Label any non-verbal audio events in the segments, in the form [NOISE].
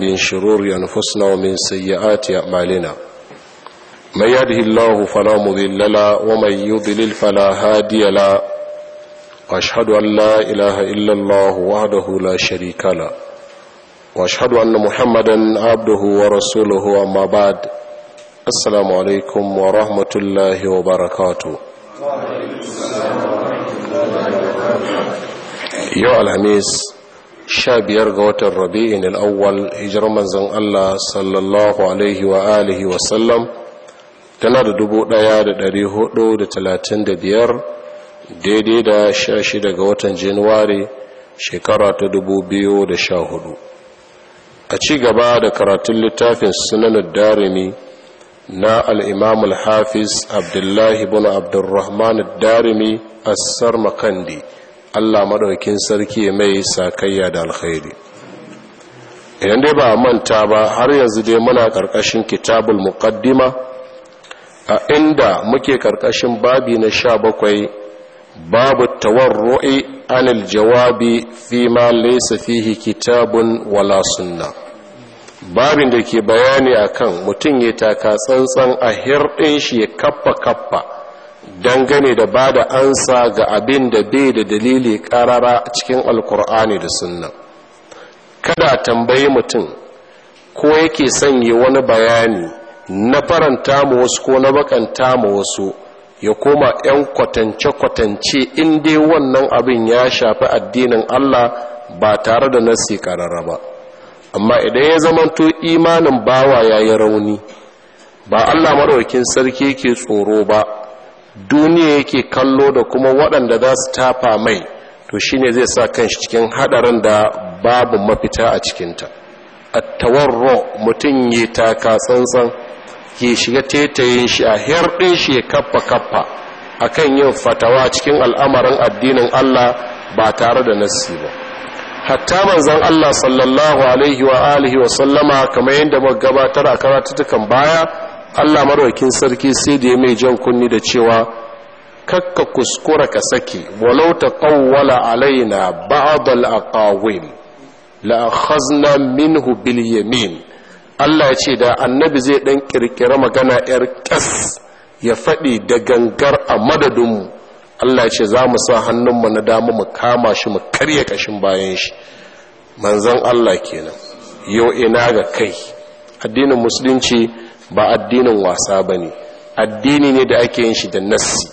من شرور أنفسنا ومن سيئات أعمالنا من يده الله فلا مضل له ومن يضلل فلا هادي له واشهد ان لا اله الا الله وحده لا شريك له واشهد ان محمدا عبده ورسوله اما بعد السلام عليكم ورحمه الله وبركاته يا الهميس sha biyar ga watan rabi'in al'awwal hijirar manzan Allah sallallahu alaihi wa alihi wasallam tana da dubu ɗaya da ɗari hudu da talatin da biyar daidai da sha shida ga watan januwari shekara ta dubu biyu da sha hudu a ci gaba da karatun littafin sunanar darimi na al'imam al-hafiz abdullahi bin abdullrahman darimi a sarmakandi Allah maɗaukin sarki mai sakayya da alkhairi idan dai ba manta ba har yanzu dai muna ƙarƙashin kitabul muqaddima a inda muke ƙarƙashin babi na sha bakwai, babu tawarru'i anil jawabi fi ma laysa fihi kitabun wala sunna babin da ke bayani akan mutum ya taka tsantsan a hirɗin shi ya kappa kappa dangane da ba da ansa ga abin da bai da dalili karara cikin alkur'ani da sunna kada tambayi mutum ko yake sanye wani bayani na faranta mu wasu ko na bakanta mu wasu ya koma 'yan kwatance-kwatance in dai wannan abin ya shafi addinin allah ba tare da nasi karara ba amma idan ya zamanto imanin bawa ya yi rauni ba allah maraukin sarki ke tsoro ba duniya yake kallo da kuma waɗanda za su tafa mai to shi ne zai sa kanshi cikin haɗarin da babu mafita a cikinta A tawarro mutum ya taka tsantsan ke shiga tetayin shi a herɗin shi ya kaffa kaffa akan yin fatawa cikin al'amarin addinin Allah ba tare da nasi ba hatta manzon Allah sallallahu alaihi wa alihi wa sallama kamar yadda muka gabatar a karatattukan baya allah maraukin sarki sai da ya mai jan kunni da cewa kakka kuskura ka sake walau ta kawwala alaina ba'adal aqawil la akhazna minhu bil yamin allah ya ce da annabi zai dan kirkira magana yar kas ya faɗi da gangar a madadinmu allah ya ce za mu sa hannunmu na dama mu kama shi mu karya kashin bayan shi manzon allah kenan yau ina ga kai addinin musulunci ba addinin wasa ba ne addini ne da ake yin shi da nassi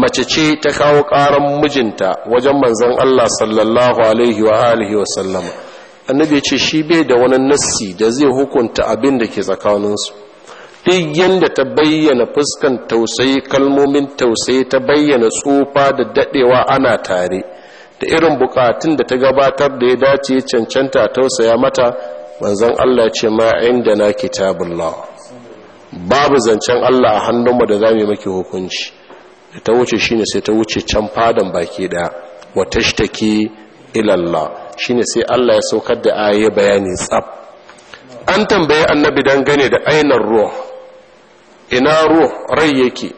mace ce ta kawo ƙaran mijinta wajen manzon Allah sallallahu alaihi wa alihi wa sallama annabi ce shi bai da wani nassi da zai hukunta abin da ke tsakaninsu duk yadda ta bayyana fuskan tausayi kalmomin tausayi ta bayyana tsufa da daɗewa ana tare da irin bukatun da ta gabatar da ya dace cancanta tausaya mata manzon Allah ce ma inda na kitabullah babu zancen Allah a hannunmu da yi maki hukunci da ta wuce shi ne sai ta wuce can fadan baki ɗaya wa tashtaki ilallah Shi ne sai Allah ya saukar da ayoyi bayani tsab an tambaye annabi gane da ainar ruh ina ruh rai yake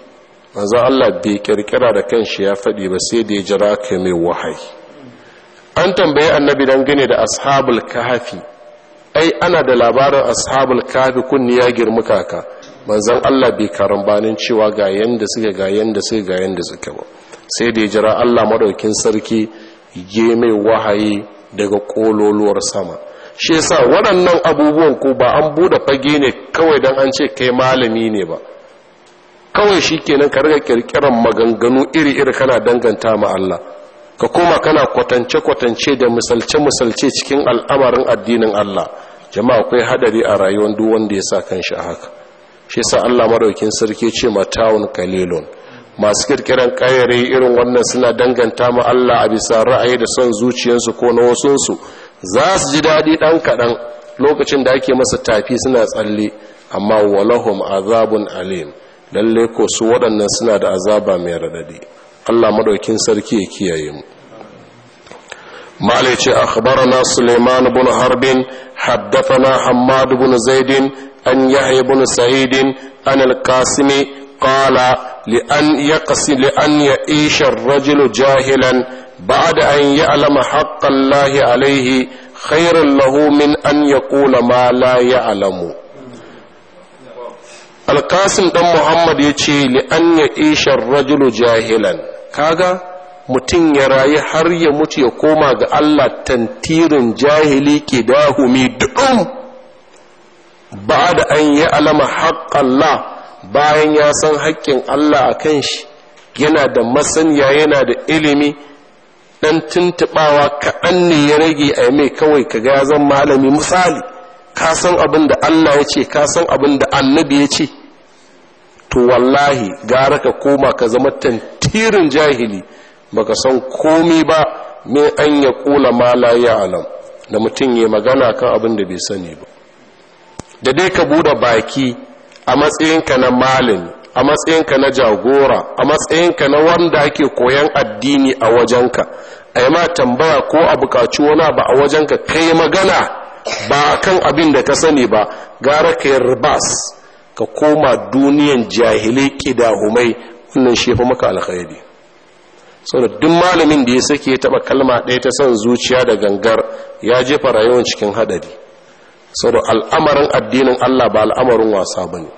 manzo Allah bai kirkira da kanshi ya faɗi ba sai da ya jira ka mai wahayi an tambaye annabi gane da ashabul kahfi ai ana da labarin ashabul kahfi kunni ya girma ka manzan Allah bai karambanin cewa ga yanda suke ga yanda suke ga yanda suke ba sai da ya jira Allah madaukin sarki ya mai wahayi daga kololuwar sama shi yasa waɗannan abubuwan ko ba an buɗe fage ne kawai dan an ce kai malami ne ba kawai shi shikenan ka riga kirkiran maganganu iri-iri kana danganta ma Allah ka koma kana kwatance-kwatance da misalce-misalce cikin al'amarin addinin Allah jama'a akwai hadari a rayuwar duk wanda ya sa kanshi a haka shi sa Allah maɗaukin sarki ce mata'un kalilun masu kirkiran kayare irin wannan suna danganta ma Allah a bisa ra'ayi da son zuciyarsu ko na wasunsu za su ji daɗi ɗan kaɗan lokacin da ake masa tafi suna tsalle amma walahum azabun alim lalle ko su waɗannan suna da azaba mai raɗaɗi Allah maɗaukin sarki ya kiyaye mu مالك أخبرنا سليمان بن حرب حدثنا حماد بن Zaidin. an yahya ibn sa'id an al-qasim qala li an yaqsi li an jahilan ba'da an ya'lama haqqa Allah alayhi khairun lahu min an yaqula ma la ya'lamu al-qasim dan muhammad yace li an ya'isha ar-rajul jahilan kaga mutum ya rayu har ya mutu ya koma ga Allah tantirin jahili ke dahumi duɗin ba da an yi alama haƙƙalla bayan ya san haƙƙin Allah a kan shi yana da masaniya yana da ilimi ɗan tuntuɓawa kaɗan ne ya rage a mai kawai ka gaya zan malami misali ka san abin da Allah ya ce ka san abin da annabi ya ce to wallahi gara ka koma ka zama tantirin jahili baka san komi ba me an ya kula ma la alam da mutum ya magana kan abin da bai sani ba da dai ka buɗe baki a matsayinka na malin a matsayinka na jagora a matsayinka na wanda ake koyan addini a wajenka a yi ma tambaya ko a buƙaci wani ba a wajenka kai magana ba kan abin da ka sani ba gara ka yi ribas ka koma duniyan jahilai humai wannan shi fa maka alkhairi saboda duk malamin da ya sake ya taba kalma ɗaya ta son zuciya da gangar ya jefa rayuwar cikin hadari saboda al'amarin addinin Allah ba al'amarin wasa ba ne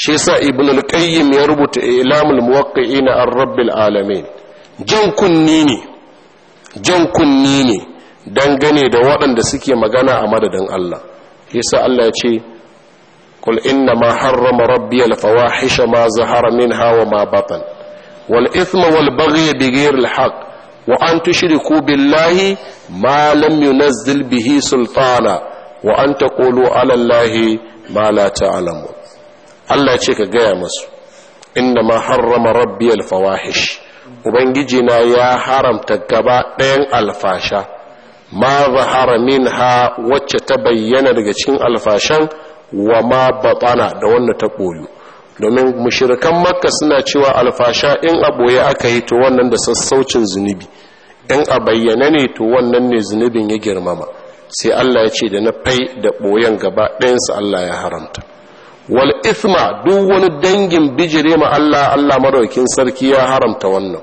shi yasa ibn al-qayyim ya rubuta ilamul muwaqqi'in na rabbil alamin jan kunni ne jan kunni ne dangane da waɗanda suke magana a madadin Allah sa Allah ya ce قل إنما حرم ربي الفواحش ما زهر wal وما بطن والإثم والبغي بغير الحق وأن تشركوا بالله ما wa an ta ala alallahi ma la Allah ce ka gaya masu inda ma harrama rabbi alfawahish ubangiji na ya haramta gaba ɗayan alfasha ma zahara ha wacce ta bayyana daga cikin alfashan wa ma batana da wannan ta koyo domin mushirikan makka suna cewa alfasha in aboye aka yi to wannan da sassaucin zunubi in a bayyana ne to wannan ne zunubin ya girmama sai Allah ya ce da na fai da ɓoyen gaba ɗayansu Allah ya haramta wal isma duk wani dangin bijire ma Allah Allah madaukin sarki ya haramta wannan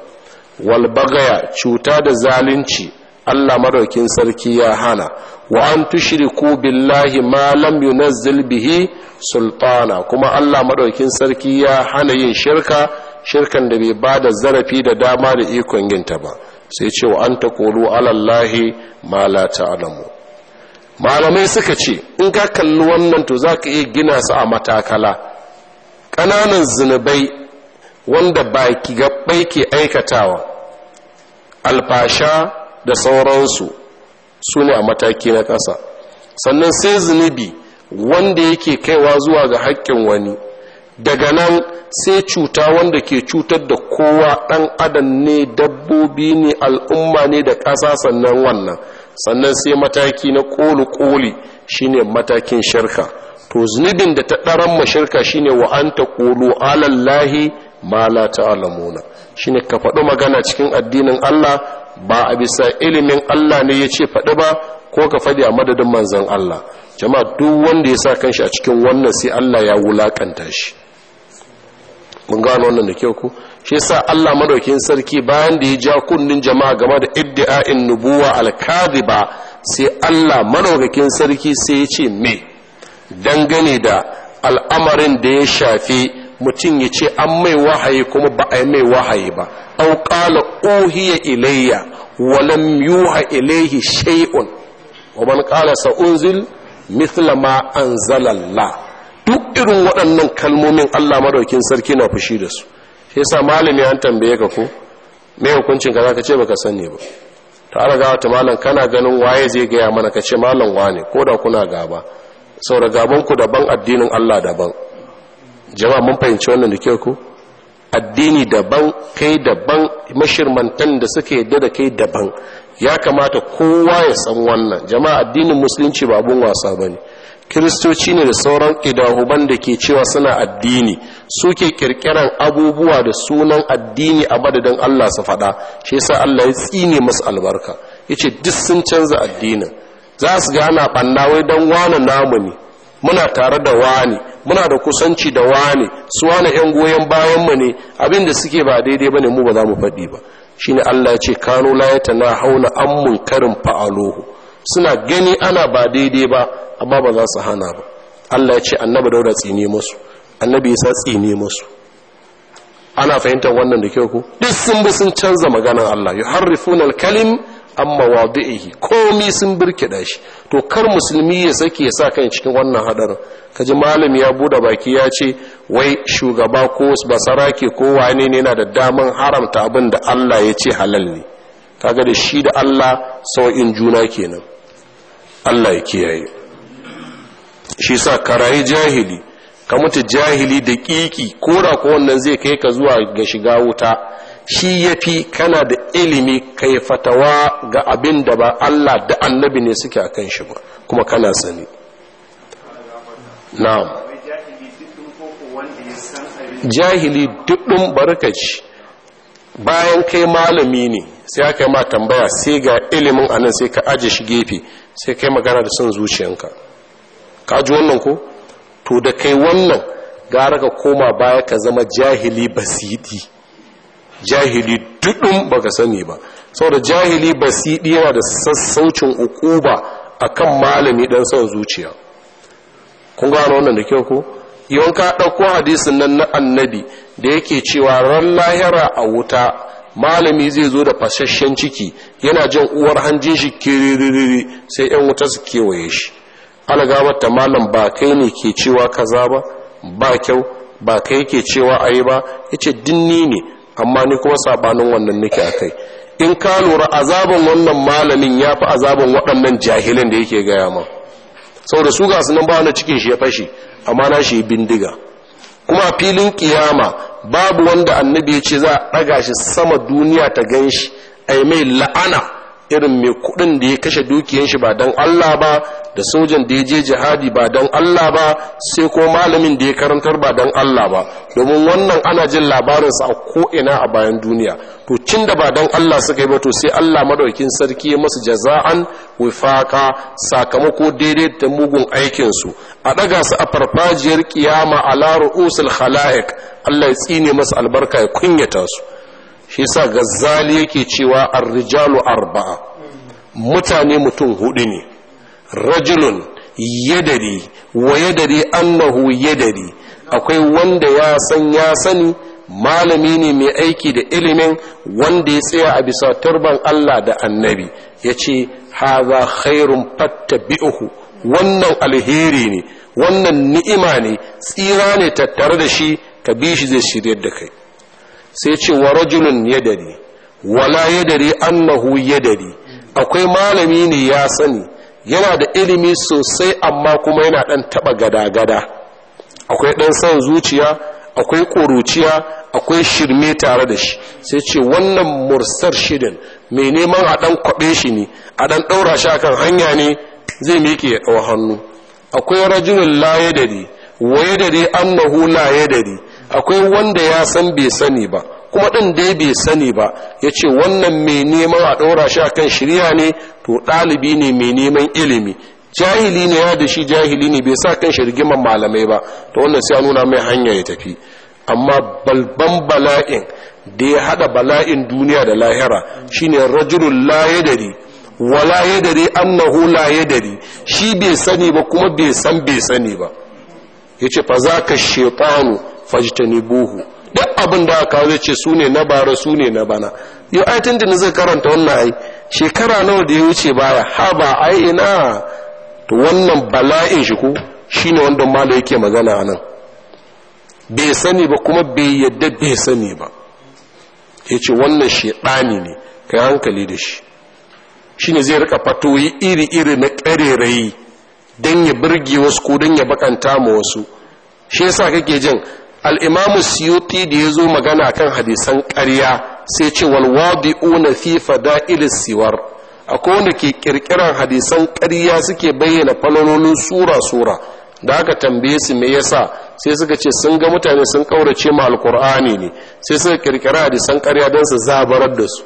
wal bagaya cuta da zalunci Allah madaukin sarki ya hana wa an tushriku billahi ma lam yunazzil bihi sultana kuma Allah madaukin sarki ya hana yin shirka shirkan da bai bada zarafi da dama da ikon yinta ba sai ce wa an taqulu ala allahi ma la ta'lamu malamai suka ce in ka kalli wannan to za ka iya gina su a matakala ƙananan zunubai wanda baki gabbai ke aikatawa alfasha da sauransu su ne a mataki na ƙasa sannan sai zunubi wanda yake kaiwa zuwa ga haƙƙin wani daga nan sai cuta wanda ke cutar da kowa ɗan adam ne dabbobi ne al'umma ne da ƙasa sannan wannan sannan sai mataki na koli-koli shine matakin shirka to zunubin da ta ɗaran ma shirka shine wa an ta alallahi ma la ta'lamuna shine ka faɗi magana cikin addinin Allah ba a bisa ilimin Allah ne ya ce faɗi ba ko ka faɗi a madadin manzan Allah jama'a duk wanda ya sa kanshi a cikin wannan sai Allah ya wulakanta shi mun gano wannan da kyau ku shi sa Allah madaukin sarki bayan da ya ja kunnin jama'a game da iddi'a'in nubuwa al-kadhiba sai Allah madaukakin sarki sai ya ce me dangane da al'amarin da ya shafi mutum ya ce an mai wahayi kuma ba a yi mai wahayi ba au qala uhiya ilayya wa lam yuha ilayhi shay'un wa man qala sa unzil mithla ma anzala duk irin waɗannan kalmomin Allah madaukin sarki na fushi da su shi sa malami an tambaye ka ko me hukuncin ka zaka ce baka sani ba ta raga wata malam kana ganin waye zai gaya mana ka ce malam wane ko da kuna gaba saboda gaban ku daban addinin Allah daban jama'a mun fahimci wannan da kyau ko addini daban kai daban mashirmantan da suka yadda da kai daban ya kamata kowa ya san wannan jama'a addinin musulunci ba abun wasa bane kiristoci ne da sauran ƙidahuban da ke cewa suna addini suke kirkiran abubuwa da sunan addini a madadin Allah su faɗa shi yasa Allah ya tsine masu albarka yace duk sun canza addinin za su ga ana banna wai dan wani namu ne muna tare da wani muna da kusanci da wani su wani yan goyon bayan mu ne abin da suke ba daidai bane mu ba za mu faɗi ba shine Allah ya ce kanu la yatana hauna ammun karin fa'aluhu suna gani ana ba daidai ba amma ba za su hana ba Allah ya ce annabi dauda tsine musu annabi isa tsine musu ana fahimtar wannan da kyau ku. duk sun bi sun canza maganar Allah yuharrifuna al-kalim amma wadihi komi sun birkida shi to kar musulmi ya sake ya sa kan cikin wannan hadarin kaji malami ya bude baki ya ce wai shugaba ko basarake ko wane ne yana da daman haramta abin da Allah ya ce halal ne kaga da shi da Allah sau'in juna kenan Allah ya kiyaye shi sa karayi jahili ka mutu jahili da kiki da ko wannan zai kai ka zuwa ga shiga wuta shi yafi kana da ilimi kai fatawa ga abin da ba Allah da annabi ne suke a kan shi ba kuma kana sani na'am jahili duɗin barkaci bayan kai malami ne sai aka yi ma tambaya sai ga ilimin anan sai ka aje shi gefe sai kai magana da son zuciyanka kaji wannan ko to da kai wannan gara ka koma baya ka zama jahili basidi jahili dudun baka sani ba saboda jahili basidi yana da sassaucin ukuba akan malami dan son zuciya kun gano wannan da kyau ko yawan ka ɗauko hadisin nan na annabi da yake cewa ran lahira a wuta malami zai zo da fasashen ciki yana jan uwar hanjin shi kiririri sai yan wuta su kewaye shi algamar ta malam ba kai ne ke cewa kaza ba ba kyau ba kai ke cewa ayi ba yace dinni ne amma ni kuma sabanin wannan nake kai in ka lura azabin wannan malamin ya fi azabin waɗannan jahilin da yake gaya ma sau da su ga sunan ba wani cikin shi ya fashi amma na shi bindiga kuma filin kiyama babu wanda annabi ya ce za a ɗaga shi sama duniya ta gan shi a mai la'ana irin mai kudin da ya kashe dukiyan shi ba don Allah ba da sojan da ya je jihadi ba don Allah ba sai ko malamin da ya karantar ba don Allah ba domin wannan ana jin labarinsa a ko'ina a bayan duniya to cin da ba don Allah suka yi ba to sai Allah madaukin sarki ya masu jaza'an wifaka sakamako daidai da mugun aikinsu a ɗaga su a farfajiyar kiyama a usul Allah ya tsine masu albarka ya kunyata su shi sa gazzali yake cewa arrijalu arba'a mutane mutum hudu ne rajulun yadari wa yadari annahu yadari akwai wanda ya san ya sani malami ne mai aiki da ilimin wanda ya tsaya a bisa turban Allah da annabi ya ce haza khairun bi'uhu wannan alheri ne wannan ni'ima ne tsira ne tattare da shi ka bi shi zai shirya da kai sai ce wa rajulun yadari wala yadari annahu yadari akwai malami ne ya sani yana da ilimi sosai amma kuma yana dan taba gada-gada akwai dan san zuciya akwai ƙuruciya akwai shirme tare da shi sai ce wannan mursar shirin mai neman a dan kwaɓe shi ne a dan daura shi akan hanya ne zai miƙe ya ɗau hannu akwai rajulun la layadari wayadari annahu layadari akwai wanda ya san bai sani ba kuma ɗin dai bai sani ba ya ce wannan mai neman a ɗora shi a kan shirya ne to ɗalibi ne mai neman ilimi jahili ne ya da shi jahili ne bai sa kan shirgiman malamai ba to wannan sai a nuna mai hanya ya tafi amma balban bala'in da ya haɗa bala'in duniya da lahira shine rajulun la yadari wala annahu shi bai sani ba kuma bai san bai sani ba yace fa zaka shaytanu fajtanibuhu duk abin da aka zai ce su ne na bara su ne na bana yau ai tun da zai karanta wannan ai shekara nawa da ya wuce baya ha ba ai ina to wannan bala'in shi ko shine wanda malo yake magana nan bai sani ba kuma bai yadda bai sani ba yace wannan shedani ne kai hankali da shi shine zai rika fatoyi iri-iri na ƙarerayi don ya birge wasu ko dan ya bakanta ma wasu shi yasa kake jin al'imamu siyuti da ya zo magana kan hadisan ƙarya sai ce fifa fi ilis siwar akwai wanda ke kirkiran hadisan ƙarya suke bayyana falalolin sura-sura da aka tambaye su me yasa sai suka ce sun ga mutane sun kaurace ma alkur'ani ne sai suka kirkira hadisan ƙarya don su zabarar da su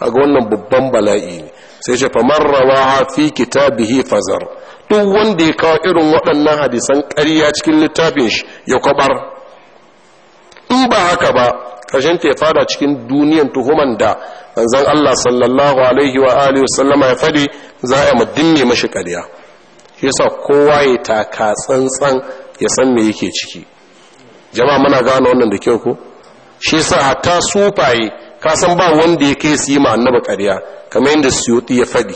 a ga wannan babban bala'i ne sai ce famar rawaha fi kitabihi fazar duk wanda ya kawo irin waɗannan hadisan ƙarya cikin littafin shi ya kwabar in ba haka ba ƙarshen ta ya fada cikin duniyan tuhuman da manzon Allah sallallahu alaihi wa alihi wa sallama ya fadi za a mu mashi kariya shi yasa kowa ya taka tsantsan ya san me yake ciki jama'a muna gane wannan da kyau ko shi yasa hatta sufaye ka san ba wanda ya kai su yi ma kariya kamar yadda suyuti ya fadi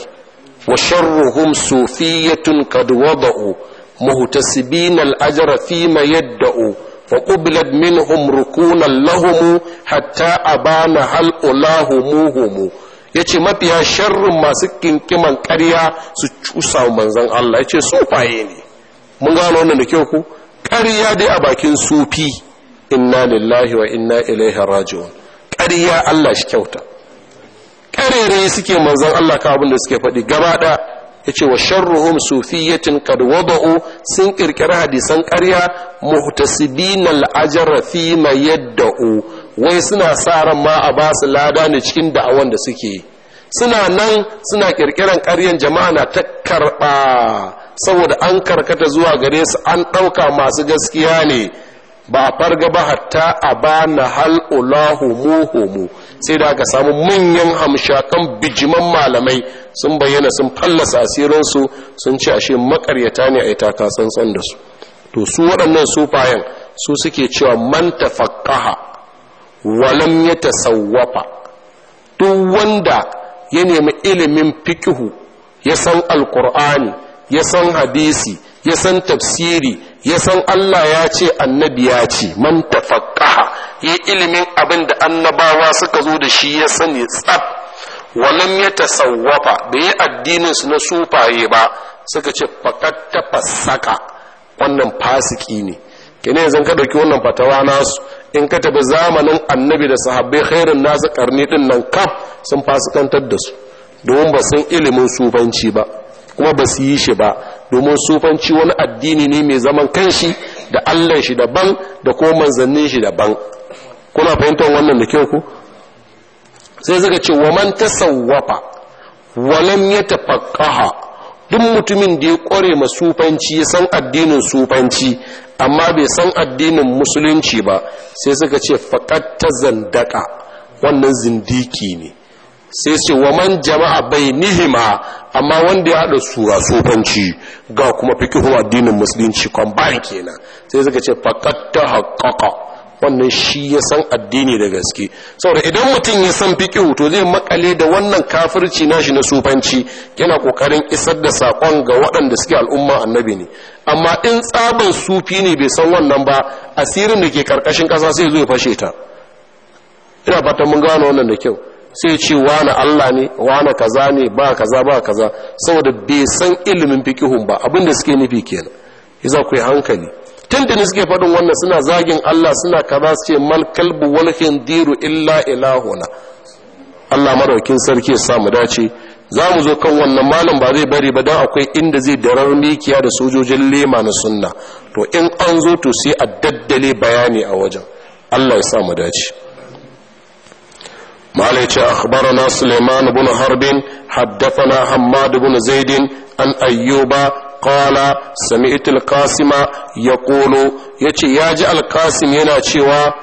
wa sharruhum sufiyatun qad wada'u muhtasibina al-ajra fi ma yadda'u فقبلت منهم ركونا لهم حتى أبان هل ألاهموهم yace mafiya sharrin masu kinkiman ƙarya su cusa manzon Allah yace sufaye ne mun gano wannan da kyau ku ƙarya dai a bakin sufi inna lillahi wa inna ilaihi raji'un ƙarya Allah shi kyauta ƙarere suke manzon Allah ka abin da suke faɗi gaba ɗaya ya ce wa sharruhum sufiyatin kad wada'u sun kirkiri hadisan ƙarya muhtasibin al'ajar fi ma yadda'u wai suna sa ran ma a basu lada ne cikin da'awan da suke suna nan suna kirkiran ƙaryan jama'a na ta karɓa saboda an karkata zuwa gare su an ɗauka masu gaskiya ne ba a farga ba hatta a ba na muhumu sai da aka samu manyan hamshakan bijiman malamai sun bayyana sun fallasa asirinsu sun ce ashe makaryata ne a yi takatsantsan da su to su waɗannan sufayen su suke cewa man tafaqqaha walam ya duk wanda ya nemi ilimin fikihu ya san alkur'ani ya san hadisi ya san tafsiri ya san Allah ya ce annabi ya ce man tafaqqaha ya ilimin abin da annabawa suka zo da shi ya sani tsaf walam ya tasawwafa bai yi addinin su na sufaye ba suka ce fakat ta fasaka wannan fasiki ne kene zan ka dauki wannan fatawa nasu in ka tafi zamanin annabi da sahabbai khairun nasu karni din nan kaf sun fasikantar da su domin ba sun ilimin sufanci ba kuma ba su yi shi ba domin sufanci wani addini ne mai zaman kanshi da allah shi daban da kuma manzannin shi daban kuna fahimtar wannan da kyau ku sai zaka ce wa man tasawwafa wa ya tafaqqaha duk mutumin da ya kware ma sufanci ya san addinin sufanci amma bai san addinin musulunci ba sai suka ce faqat tazandaka wannan zindiki ne sai ce wa man jama'a bai nihima amma wanda ya haɗa sura sufanci ga kuma fikihu addinin musulunci kwamban kenan sai suka ce faqat ta wannan shi ya san addini da gaske saboda idan mutum ya san fiqhu to zai makale da wannan kafirci nashi na sufanci yana kokarin isar da sakon ga waɗanda suke al'umma annabi ne amma in tsaban sufi ne bai san wannan ba asirin da ke karkashin ƙasa sai zo ya fashe ta ina fatan mun gano wannan da kyau sai ce wani Allah ne wani kaza ne ba kaza ba kaza saboda bai san ilimin fikihun ba da suke nufi kenan yasa ku hankali na suke faɗin wannan suna zagin Allah suna kaza su ce mal kalbu wal khindiru illa ilahuna Allah maraukin sarki ya samu dace za mu zo kan wannan malam ba zai bari ba dan akwai inda zai darar mikiya da sojojin lema na sunna to in an zo to sai a daddale bayani a wajen Allah ya samu dace malai ce akhbarana suleiman bin harbin haddathana Hamad, bin zaidin an ayyuba قال سمعت القاسم يقول kolo yace yaji al-qasim yana cewa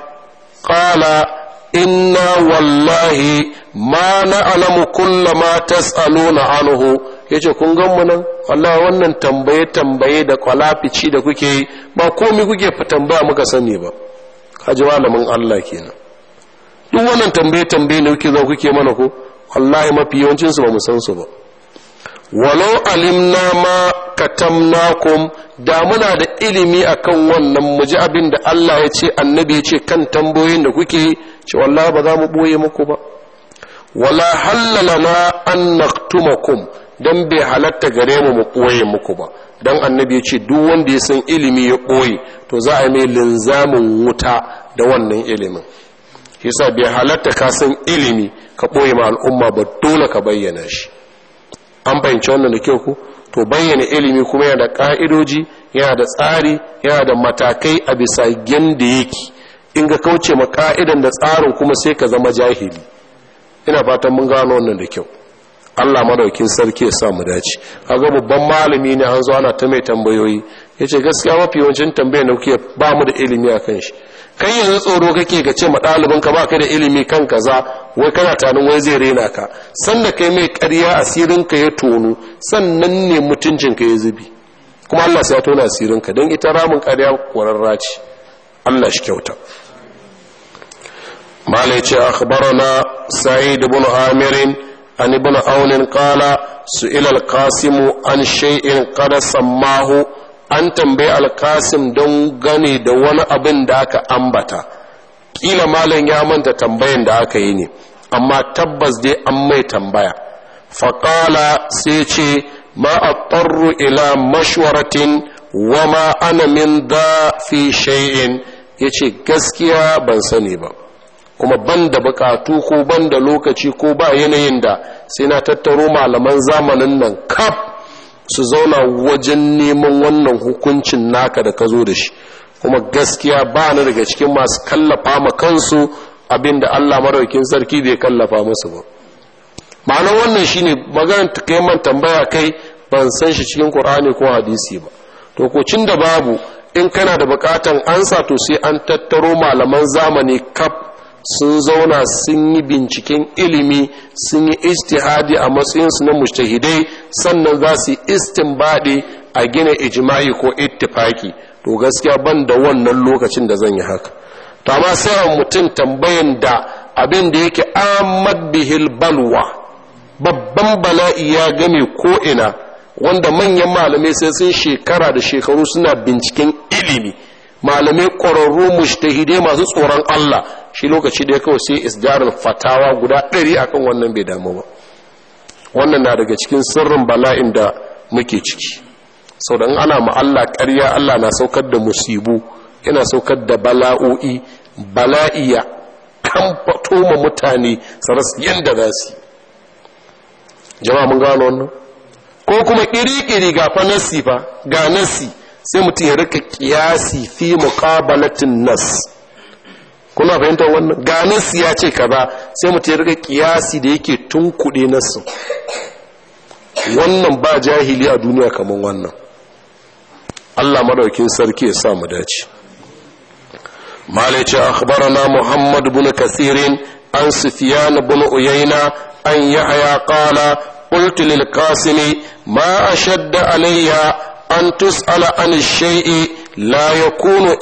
qala inna wallahi ma na'lamu kulla ma na yace kun gan mu nan wallahi wannan tambaye tambaye da kwalafici da kuke yi ba komai kuke fa tambaya muka sani ba kaji malamin Allah kenan duk wannan tambaye tambaye ne kuke zo kuke mana ko wallahi mafi yawancin su ba mu san su ba walau alimna ma katamnakum da muna da ilimi akan wannan muji abin da Allah ya ce annabi ya ce kan tambayoyin da kuke ce wallahi ba za mu boye muku ba wala na an naktumakum dan bai halatta gare mu mu boye muku ba dan annabi ya ce duk wanda ya san ilimi ya boye to za a yi mai linzamin wuta da wannan ilimin yasa bai halatta ka san ilimi ka boye ma al'umma ba dole ka bayyana shi an fahimci wannan da kyau ku to bayyana ilimi kuma yana da ka'idoji yana da tsari yana da matakai a bisa da yake in ga kauce ma ka'idan da tsarin kuma sai ka zama jahili ina fatan mun gano wannan da kyau Allah madaukin sarki ya sa mu dace a kaga babban malami ne an zo ana ta mai tambayoyi yace gaskiya mafi yawancin tambayar da kuke ba mu da ilimi a kan shi kai yanzu tsoro kake ka ce ma ɗalibin ka baka da ilimi kan kaza wai kana tanin wai zai rena ka sanda kai mai ƙarya asirin ka ya tonu sannan ne mutuncin ka ya zubi kuma Allah sai ya tona asirin ka dan ita ramin ƙarya kwararra ce Allah shi kyauta malai ce akhbarana sa'id ibn amir an ibn aun qala su'ila al-qasim an shay'in qad sammahu an tambayi alkasim don gane da wani abin da aka ambata kila malam ya manta tambayan da aka yi ne amma tabbas dai an mai tambaya faƙala sai ce ma a ƙarru ila mashwaratin wa ma ana min da fi shay'in ya ce gaskiya ban sani ba kuma ban da bukatu ko ban da lokaci ko ba yanayin da sai na tattaro malaman zamanin nan kaf su zauna wajen neman wannan hukuncin naka da ka zo da shi kuma gaskiya ba ni daga cikin masu kallafa ma kansu abinda allah maraukin sarki bai kallafa musu ba ma'anar wannan shine maganar ta kai man tambaya kai ban san shi cikin kur'ani ko hadisi ba to ko da babu in kana da bukatan ansa to sai an tattaro malaman zamani kaf sun zauna sun yi binciken ilimi sun yi istihadi a matsayinsu na mustahidai sannan za su yi istinbadi a gina ijma'i ko ittifaki to gaskiya ban da wannan lokacin da zan yi haka to amma sai mutum tambayan da abin da yake ahmad bihil balwa babban bala'i ya game ko ina wanda manyan malamai sai sun shekara da shekaru suna binciken ilimi malamai ƙwararru mustahidai masu tsoron Allah shi lokaci da ya kawo sai isdarar fatawa guda ɗari a kan wannan bai damu ba wannan na daga cikin sirrin bala'in da muke ciki sau da ana ma'alla karya allah na saukar da musibu yana saukar da bala'o'i bala'iya, kan fato ma mutane saras yadda za su jama'a mun gano wannan ko kuma ƙiri-ƙiri ga fa ba ga nasi sai mutum ya rika kiyasi fi muqabalatin nas kuna fahimtar wannan su ya ce ka ba sai mutu ya riga kiyasi da yake tun kuɗe nasu wannan ba jahili a duniya kamar wannan allah maraukin sarki ya sa mu dace malice akhbarana muhammad bin kasirin an sufiyan bun uyaina an yi qala qultu lil qasimi ma shadda alayya an tusala an shai'i la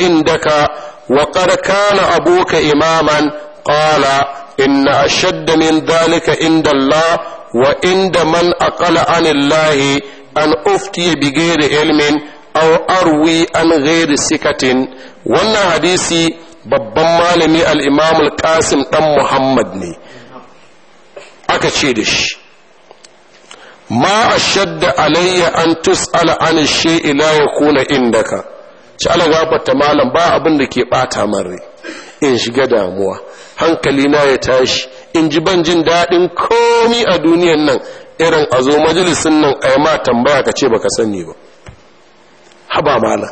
inda ka. wa qad kana abuka imaman qala inna ashadda min dhalika inda Allah wa inda man aqala an Allah an ufti bi ghairi ilmin aw arwi an ghairi sikatin wannan hadisi babban malami al-Imam al-Qasim Muhammad ne aka ce da shi ma ashadda alayya an tus'ala an shay'i la yakuna indaka ci ala malam ba abin da ke bata man rai in shiga damuwa hankali na ya tashi in ji ban jin daɗin komi a duniyan nan irin a zo majalisin nan a ma tambaya ka ce baka sani ba haba malam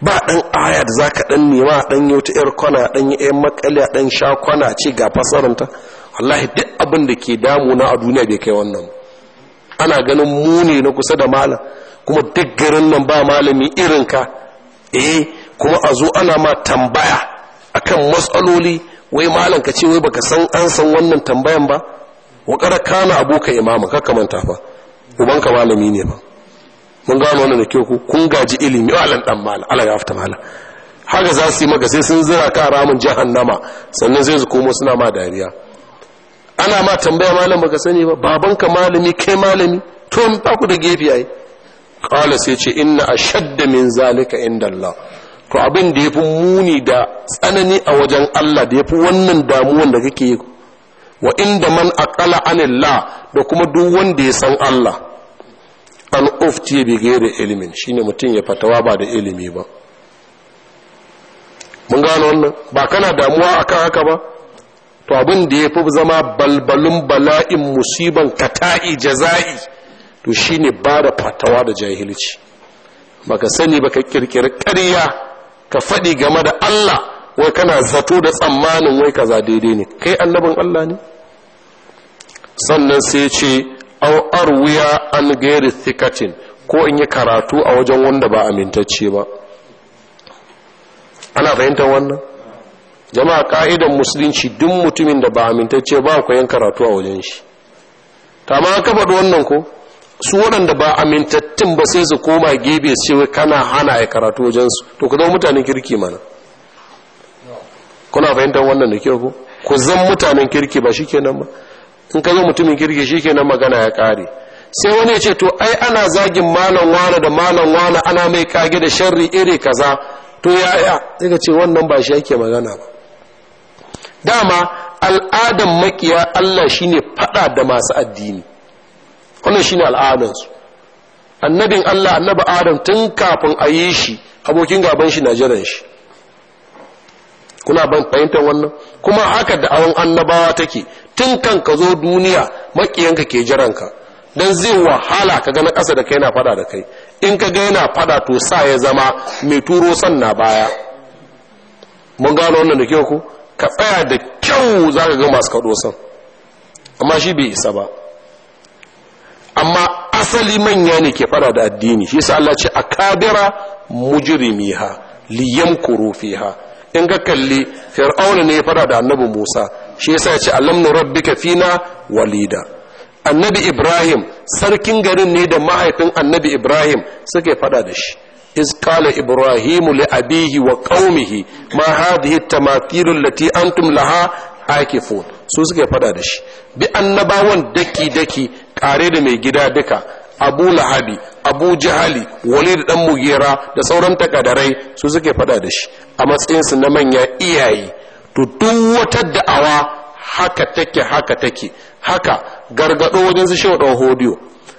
ba ɗan aya da za ka ɗan nema ɗan yota ‘yar kwana ɗan yi ‘yan makali a ɗan sha kwana ce ga fasaranta wallahi duk abin da ke na a duniya bai kai wannan ana ganin muni na kusa da malam kuma duk garin nan ba malami irin ka. eh kuma a zo ana ma tambaya akan matsaloli wai malam ka ce wai baka san an san wannan tambayan ba wa kara kana aboka imama ka kamanta fa ubanka malami ne ba mun gano wannan da ke ku kun gaji ilimi alan dan mala ala ya fita mala haka za su yi maka sai sun zira ka ramin jahannama sannan sai su komo suna ma dariya ana ma tambaya malam baka sani ba babanka malami kai malami to ba ku da gefe ai kala sai ce inna ashadda min zalika inda Allah to abin da yafi muni da tsanani a wajen Allah da yafi wannan damuwan da kake wa inda man aqala anillah da kuma duk wanda ya san Allah an ufti bi ghairi ilmin shine mutum ya fatawa ba da ilimi ba mun gano wannan ba kana damuwa akan haka ba to abin da yafi zama balbalun bala'in musiban kata'i jaza'i to shine ba da fatawa da jahilci ba ka sani ba ka kirkiri ƙarya ka faɗi game da Allah wai kana zato da tsammanin wai kaza daidai ne kai annabin Allah ne sannan sai ce au wuya an gairi thikatin ko in yi karatu a wajen wanda ba amintacce ba ana fahimtar wannan jama'a ka'idan musulunci duk mutumin da ba amintacce ba akwai yin karatu a wajen shi ta ma ka faɗi wannan ko su waɗanda ba amintattun ba sai su koma gebe cewa kana hana ya karatu wajensu to ku zama mutanen kirki mana kuna fahimtar wannan da kyau ku ku zama mutanen kirki ba shikenan ba in ka zo mutumin kirki shikenan magana ya kare sai wani ya ce to ai ana zagin malam wane da malam wane ana mai kage da sharri iri kaza to ya sai daga ce wannan ba shi yake magana ba dama al'adan makiya Allah shine fada da masu addini wannan shine al'adansu annabin Allah annabi Adam tun kafin a yi shi abokin gaban shi na jiran shi kuna ban fahimtar wannan kuma haka da awon annabawa take tun kan ka zo duniya makiyanka ke jiranka dan zai wahala ka ga na ƙasa da kai na fada da kai in ka ga yana fada to sa ya zama mai turo san na baya mun gano wannan da kyau ku ka tsaya da kyau za ka ga masu kaɗo san amma shi bai isa ba amma asali manya ne ke faɗa da addini shi yasa Allah ce akabira mujrimiha liyamkuru fiha in ga kalli fir'auna ne ya fada da annabi Musa shi yasa ya ce alam rabbika fina walida annabi Ibrahim sarkin garin ne da mahaifin annabi Ibrahim suke faɗa da shi إذ قال إبراهيم لأبيه وقومه ما هذه التماثيل التي أنتم لها عاكفون su suke fada da shi bi annabawan daki daki kare da mai gida duka abu lahabi abu jihali wani da dan mugera da sauran takadarai su suke fada da shi a matsayinsu na manya iyaye to duk wata da'awa haka take haka take haka gargado wajen su shi wadon hodiyo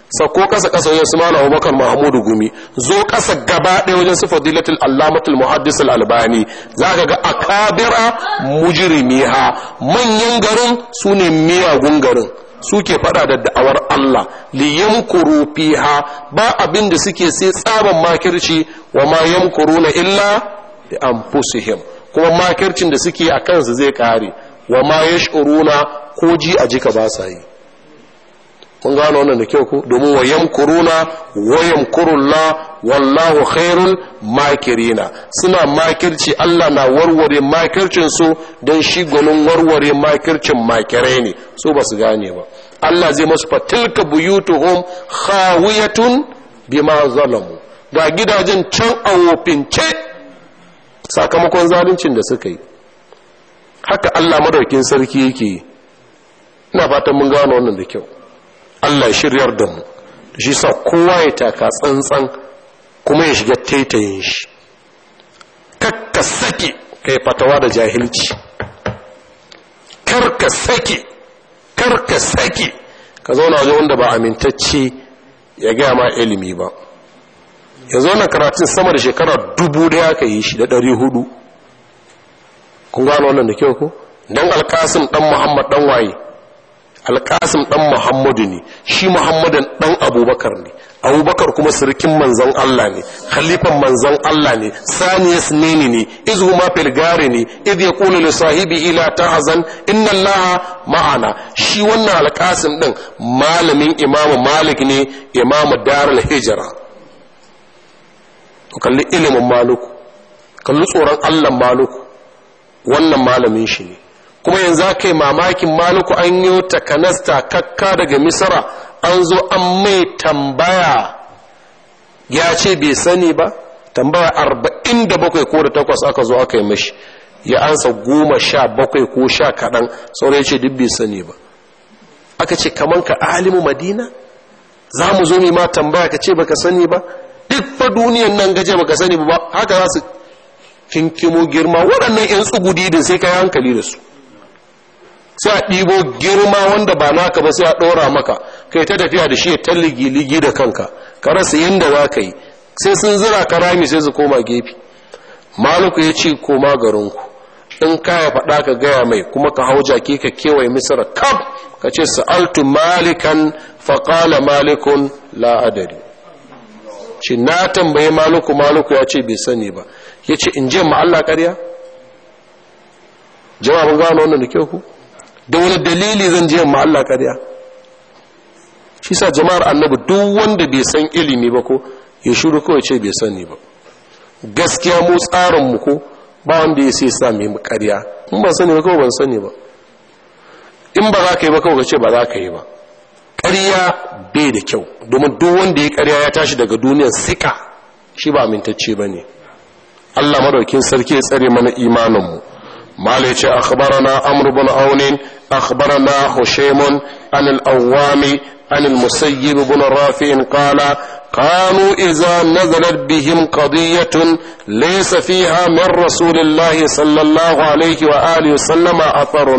sako kasa kasa wajen su malam abubakar mahmudu gumi zo ƙasa gaba ɗaya wajen su fadilatul allamatul muhaddis albani za ka ga akabira mujrimiha manyan garin su ne miyagun garin suke fada da da'awar Allah li yamkuru fiha ba abin da suke sai tsaban makirci wa ma yamkuruna illa bi anfusihim kuma makircin da suke a kansu zai kare wa ma yash'uruna ko ji a jika ba sa yi kun gano wannan da kyau ku domin wa yamkuruna wa yamkurullah wallahu khairul makirina suna makirci Allah na warware makircin su don shi gwanin warware makircin makirai ne su ba su gane ba Allah zai masu fatilka buyutuhum khawiyatun bima zalamu ga gidajen can a wofince sakamakon zaluncin da suka yi haka Allah madaukin sarki yake ina fatan mun gano wannan da kyau Allah shiryar da mu shi sa kowa ya taka tsantsan kuma ya shiga taitayin shi kakka sake kai fatawa da jahilci karka sake karka sake ka zauna wajen wanda ba amintacce ya gaya ma ilimi ba ya zauna karatun sama da shekara dubu da ya yi shi da ɗari hudu kun gano wannan da kyau ku don alkasin ɗan muhammad ɗan waye Alƙasim ɗan muhammadu ne shi muhammadin ɗan abubakar ne abubakar kuma sirkin manzan allah ne khalifan manzan allah ne saniyas ne ne izu ma filgari ne idu ya kula da sahibi ila ta azan inna allaha ma'ana shi wannan alƙasim ɗin malamin imamu malik ne imamu darul hijira kalli ilimin maluku kalli tsoron allah maluku wannan malamin shi ne kuma yanzu aka yi mamakin maluku an yi kanasta kakka daga misra an zo an mai tambaya ya ce bai sani ba tambaya arba'in da bakwai ko da takwas aka zo aka yi mashi ya ansa goma sha bakwai ko sha kaɗan sauran ce duk bai sani ba aka ce kaman ka alimu madina za mu zo ma tambaya ka ce baka sani ba duk fa duniyan nan gaje baka sani ba haka za su kinkimo girma waɗannan 'yan tsugudi da sai ka yi hankali da su sai a ɗibo girma wanda ba naka ba sai a ɗora maka kai ta tafiya da shi ta talligi ligi da kanka ka rasa yadda za ka yi sai sun zira ka rami sai su koma gefe maluku ya ce koma garinku in ya faɗa ka gaya mai kuma ka hau jaki ka kewaye misira kab ka ce sa'altu malikan faƙala malikun la'adari ce na tambaye maluku maluku ya ce bai sani ba ya in je ma Allah ƙarya jama'a ban wannan da kyau ku da wani dalili zan je ma Allah shi sa jama'ar annabi duk wanda bai san ilimi ba ko ya shiru kawai ce bai sani ba gaskiya mu tsarin mu ko ba wanda ya sai sa mai in ba sani ba kawai ban sani ba in ba za ka yi ba kawai ce ba za ka yi ba kariya bai da kyau domin duk wanda ya karya ya tashi daga duniyar sika shi ba amintacce ba ne Allah madaukin sarki ya tsare mana imaninmu malai ce akhbarana amr bin aunin أخبرنا هشيم عن الأوام عن المسيب بن رافع قال قالوا إذا نزلت بهم قضية ليس فيها من رسول الله صلى الله عليه وآله وسلم أثر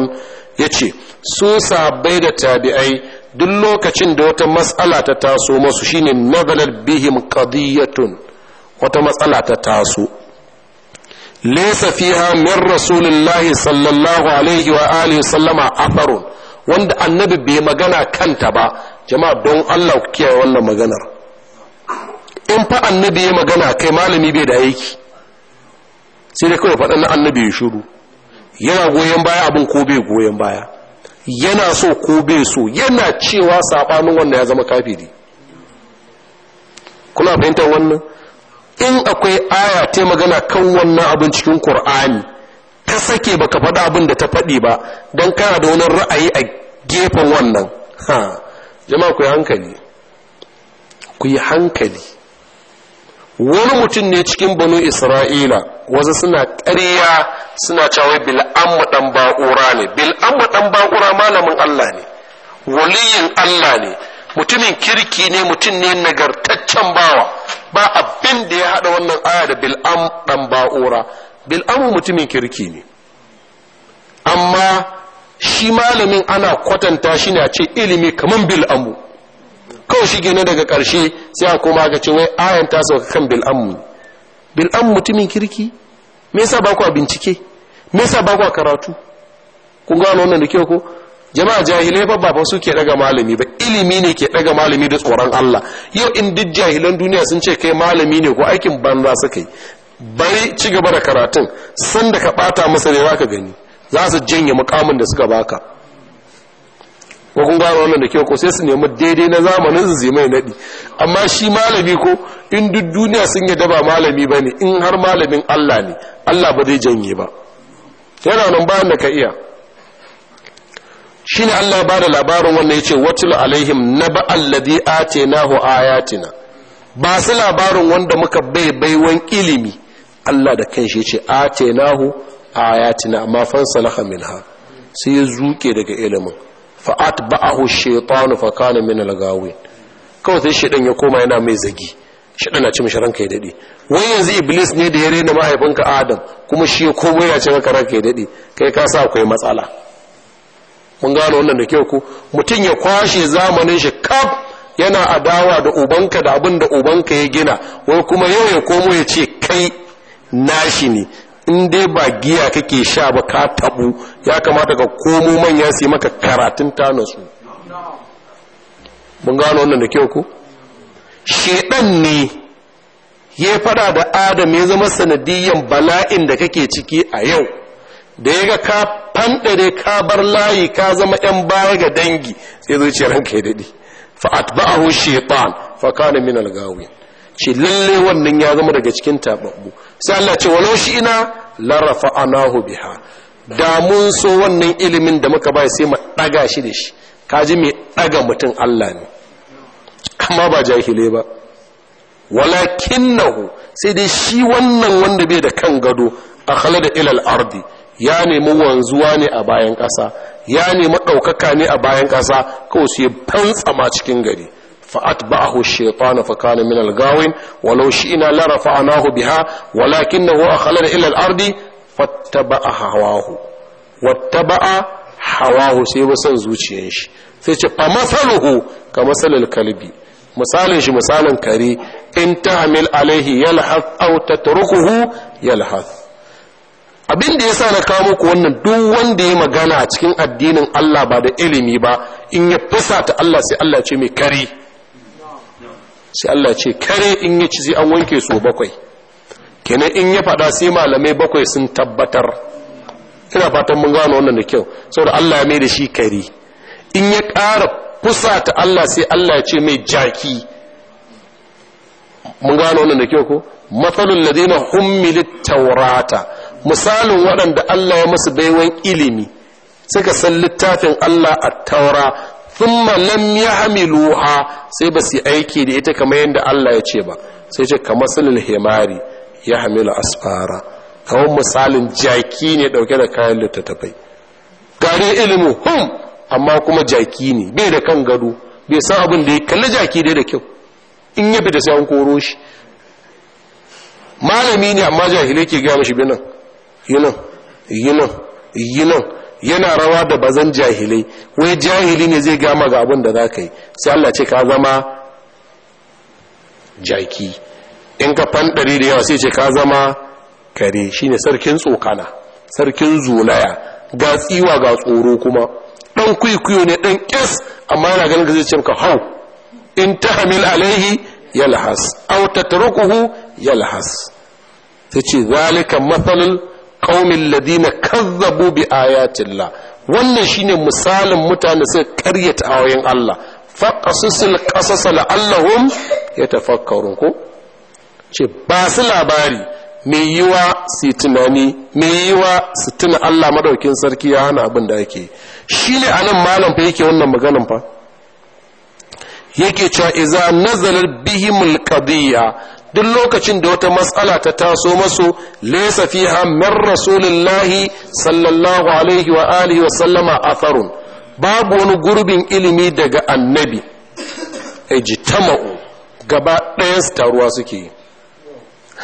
يتي سوسا بيد تابعي duk lokacin da wata matsala ta taso masu shine nazalar bihim qadiyatun wata matsala ta taso laysa fiha min rasulillahi sallallahu alaihi wa alihi sallama atharun wanda annabi bai magana kanta ba jama'a don Allah ku kiyaye wannan maganar in fa annabi ya magana kai malami bai da aiki sai dai kawai faɗa na annabi ya shiru yana goyon baya abin ko bai goyon baya yana so ko bai so yana cewa saɓanin wanda ya zama kafiri kuna fahimtar wannan in akwai aya ta magana kan wannan abin cikin qur'ani ka sake baka faɗa abin da ta faɗi ba don kana da wani ra'ayi a gefen wannan ha jama'a ku yi hankali ku yi hankali wani mutum ne cikin banu isra'ila wasu suna ƙarya suna cewa bil'ammu dan ba'ura ne bil'ammu dan ba'ura malamin allah ne waliyin allah ne mutumin kirki ne mutum ne nagartaccen bawa ba abin da ya haɗa wannan aya da bil'am ɗan ba'ura bil'amu mutumin kirki ne amma shi malamin ana kwatanta shi ne a ce ilimi kamar bil'amu kawai shi gane daga ƙarshe sai a koma ga cewa ayan ta sauka kan bil'amu ne bil'amu mutumin kirki me yasa ba ku bincike me yasa ba ku karatu kun gano wannan da kyau ko jama'a jahilai ba ba su ke daga malami ba ilimi ne ke daga malami da tsoron Allah yau in duk jahilan duniya sun ce kai malami ne ko aikin banza suka yi bari ci gaba da karatun san da ka bata masa ne zaka gani za su janye mukamin da suka baka ko kun gano wannan da kyau ko sai su nemi daidai na zamanin su mai nadi amma shi malami ko in duk duniya sun yi ba malami ba ne in har malamin Allah ne Allah ba zai janye ba yana nan bayan da ka iya shi ne Allah ba da labarin wannan ce watul alaihim na alladhi nahu ayatina ba su labarin wanda muka bai baiwan ilimi Allah da kanshi yace nahu ayatina amma fansalaha ha sai ya zuke daga ilimin fa'at ba'ahu shaytanu fa kana min al-gawin kawai sai shedan ya koma yana mai zagi shedan na ci mishi ranka ya dade wai yanzu iblis ne da ya rena mahaifinka adam kuma shi ya koma ya ci ranka dade kai ka sa akwai matsala mun gano wannan da kyau ko mutum ya kwashe zamanin shi kaf yana adawa da ubanka da abin da ubanka ya gina wai kuma yau ya komo ya ce kai nashi ne in dai ba giya kake sha ba ka tabu ya kamata ka komo manya su maka karatun su mun gano wannan da kyau ko shedan ne ya fada da adam ya zama sanadiyan bala'in da kake ciki a yau da ya ga ka fanɗare ka bar layi ka zama yan baya ga dangi sai zuciyar ranka ya daɗi fa atba'ahu shaytan fa kana min al ce lalle wannan ya zama daga cikin taɓaɓɓu. sai Allah ce walau shi ina Larrafa anahu biha da mun so wannan ilimin da muka bai sai mu ɗaga shi da shi Ka ji mai ɗaga mutum Allah ne amma ba jahile ba Walakin nahu. sai dai shi wannan wanda bai da kan gado a khalada ilal ardi ya nemi wanzuwa ne a bayan ƙasa ya nemi ɗaukaka ne a bayan ƙasa kawo su yi fantsama cikin gari fa’ad ba a hushe fana fakanin minal gawin walau shi ina larafa a nahu biha walakin na wa’a halar ilal ardi fata ba a hawahu wata ba a hawahu sai ba son zuciyar shi sai ce fa ka masalin kalbi misalin shi misalin kare in ta hamil alaihi yalhath au tattarukuhu yalhath abin da sa na kawo muku wannan duk wanda ya magana a cikin addinin Allah ba da ilimi ba in ya fusa ta Allah sai Allah ce mai kare sai Allah ce kare in ya ci sai an wanke su bakwai kenan in ya faɗa sai malamai bakwai sun tabbatar ina fatan mun gano wannan da kyau saboda Allah ya mai da shi kare in ya ƙara fusa ta Allah sai Allah ya ce mai jaki mun gano wannan da kyau ko matsalul ladina hummilit taurata misalin waɗanda Allah ya musu baiwan ilimi suka san littafin Allah a taura thumma lam yahmiluha sai ba su aiki da ita kamar yadda Allah ya ce ba sai ce kamar sulul himari ya hamilu asfara kamar misalin jaki ne dauke da kayan littattafai gare ilimin hum amma kuma jaki ne bai da kan gado bai san abin da ya kalli jaki dai da kyau in ya bi da sai an koro shi malami ne amma jahilai ke gaya mashi binan yinan yinan yinan yana rawa da bazan jahilai wai jahili ne zai gama ga abin da za ka yi sai allah ce ka zama jaki in ka fanɗari da yawa sai ce ka zama kare shine sarkin tsokana sarkin zulaya ga tsiwa ga tsoro kuma ɗan kwikwiyo ne ɗan ƙis amma yana ganin ka zai ce ka hau in ta hamil alaihi yalhas aw tatrukuhu yalhas Ta ce zalika mathalul qaumin ladina kazzabu bi ayatillah wannan shine misalin mutane suka karyata ayoyin Allah faqasusul qasas la'allahum yatafakkarun ko ce ba su labari mai yiwa su tunani mai yiwa su tuna Allah madaukin sarki ya hana abin da Shi ne anan malam fa yake wannan maganan fa yake cewa iza nazalar bihimul qadiyya duk lokacin da wata matsala ta taso masu laysa fiha min rasulillahi sallallahu alaihi wa alihi wa sallama atharun babu wani gurbin ilimi daga annabi ijtama'u gaba ɗaya su taruwa suke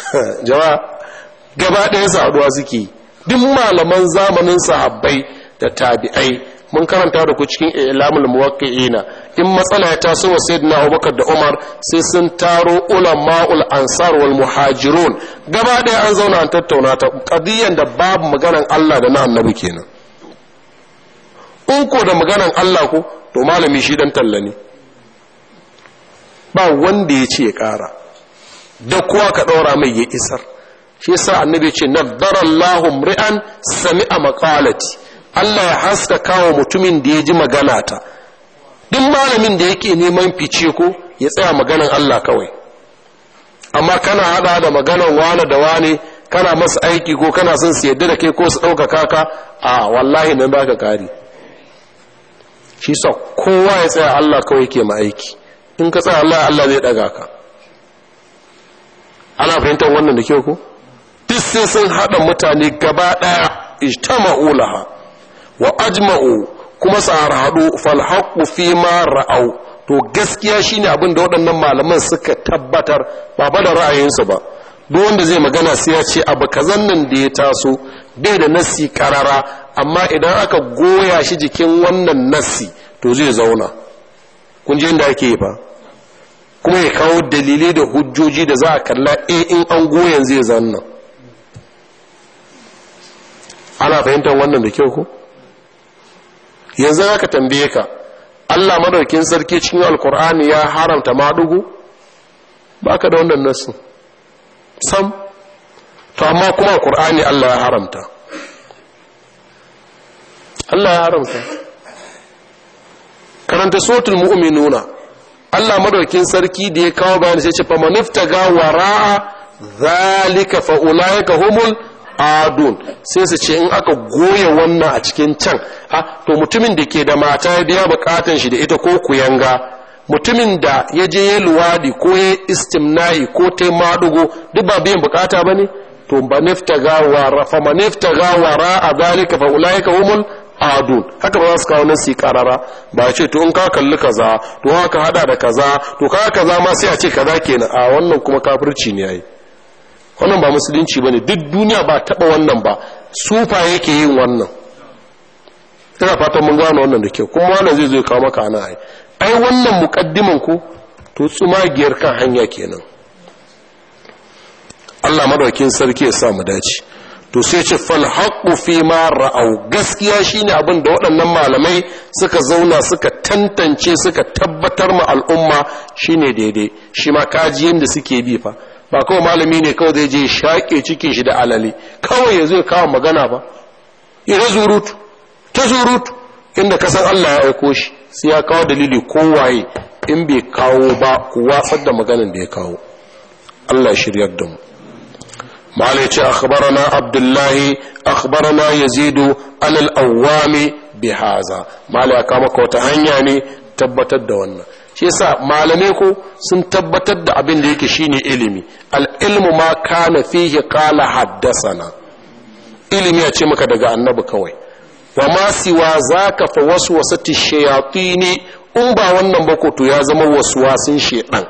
[LAUGHS] jama'a gaba ɗaya su haɗuwa suke duk malaman zamanin sahabbai da tabi'ai mun karanta da ku cikin ilamul muwaqqi'ina in matsala ta taso wa sayyidina Abubakar da Umar sai sun taro ulama'ul ansar wal muhajirun gaba ɗaya an zauna an tattauna ta qadiyan da babu maganan Allah da na annabi kenan in ko da maganan Allah ko to malami shi dan talla ne ba wanda ya ce ya ƙara da kuwa ka ɗaura mai ya isar shi yasa annabi ya ce nadarallahu mri'an sami'a maqalati Allah ya haskaka wa mutumin da ya ji magana ta duk malamin da yake neman fice ko ya tsaya maganan Allah kawai amma kana hada da maganan wane da wane kana masa aiki ko kana son su yadda da kai ko su ɗaukaka ka a wallahi nan ba ka kari shi sa kowa ya tsaya Allah kawai ke ma aiki in ka tsaya Allah Allah zai ɗaga ka ana fahimtar wannan da kyau ku? duk sai sun haɗa mutane gaba ɗaya ita ma'ulaha. wa ajma'u kuma su harhaɗu falhaƙu fi ma ra'au to gaskiya shine abin da waɗannan malaman suka tabbatar ba ba da ra'ayinsu ba duk wanda zai magana sai ya ce abu kazan nan da ya taso bai da nassi karara amma idan aka goya shi jikin wannan nassi to zai zauna kun je inda ake ba kuma ya kawo dalilai da hujjoji da za a kalla e in an goyan zai zanna ana fahimtar wannan da kyau ko yanzu haka tambaye ka Allah madaukin sarki cikin alkur'ani ya haramta madugu ba ka da wannan nasu sam to amma kuma alkur'ani Allah ya haramta Allah ya haramta karanta sotul mu'minuna Allah madaukin sarki da ya kawo bayani sai ce fa manifta ga wara'a zalika fa ulaika humul adun sai su ce in aka goya wannan a cikin can ha ah, to mutumin da ke da mata ya biya bukatun shi da ita ko kuyanga mutumin da ya je ya luwadi ko ya istimna'i ko ta madugo duk ba biyan bukata ba ne to ba niftaga wa rafa ma niftaga wa ra'a zalika fa ulaika humul adun haka ba za su kawo nasi karara ba ce to in ka kalli kaza to haka hada da kaza to ka kaza ma sai a ce kaza kenan a wannan kuma kafirci ne yayi wannan ba musulunci ba ne duk duniya ba taɓa wannan ba sufa yake yin wannan ina fatan mun gano wannan da kyau kuma wannan zai zo kawo maka ana ai ai wannan muqaddiman ku to tsumagiyar kan hanya kenan Allah madaukin sarki ya sa mu dace to sai ce fal haqqu fi ma ra'au gaskiya shine abin da waɗannan malamai suka zauna suka tantance suka tabbatar ma al'umma shine daidai shi ma kaji yanda suke bi fa ba kawai malami ne kawai zai je shaƙe cikin shi da alale kawai ya zai kawo magana ba ya zurutu ta zurutu inda kasan Allah ya aiko shi sai ya kawo dalili kowaye in bai kawo ba ku watsar da maganin da ya kawo Allah ya shiryar da mu malai ce akhbarana abdullahi akhbarana yazidu alal awwami bihaza malai ya kama wata hanya ne tabbatar da wannan shi yasa malamai ko sun tabbatar da abin da yake shine ilimi al-ilmu ma kana fihi qala haddathana ilimi ya ce maka daga annabi kawai wa ma siwa zaka fa waswasati shayatini in ba wannan ba ko to ya zama waswasin shedan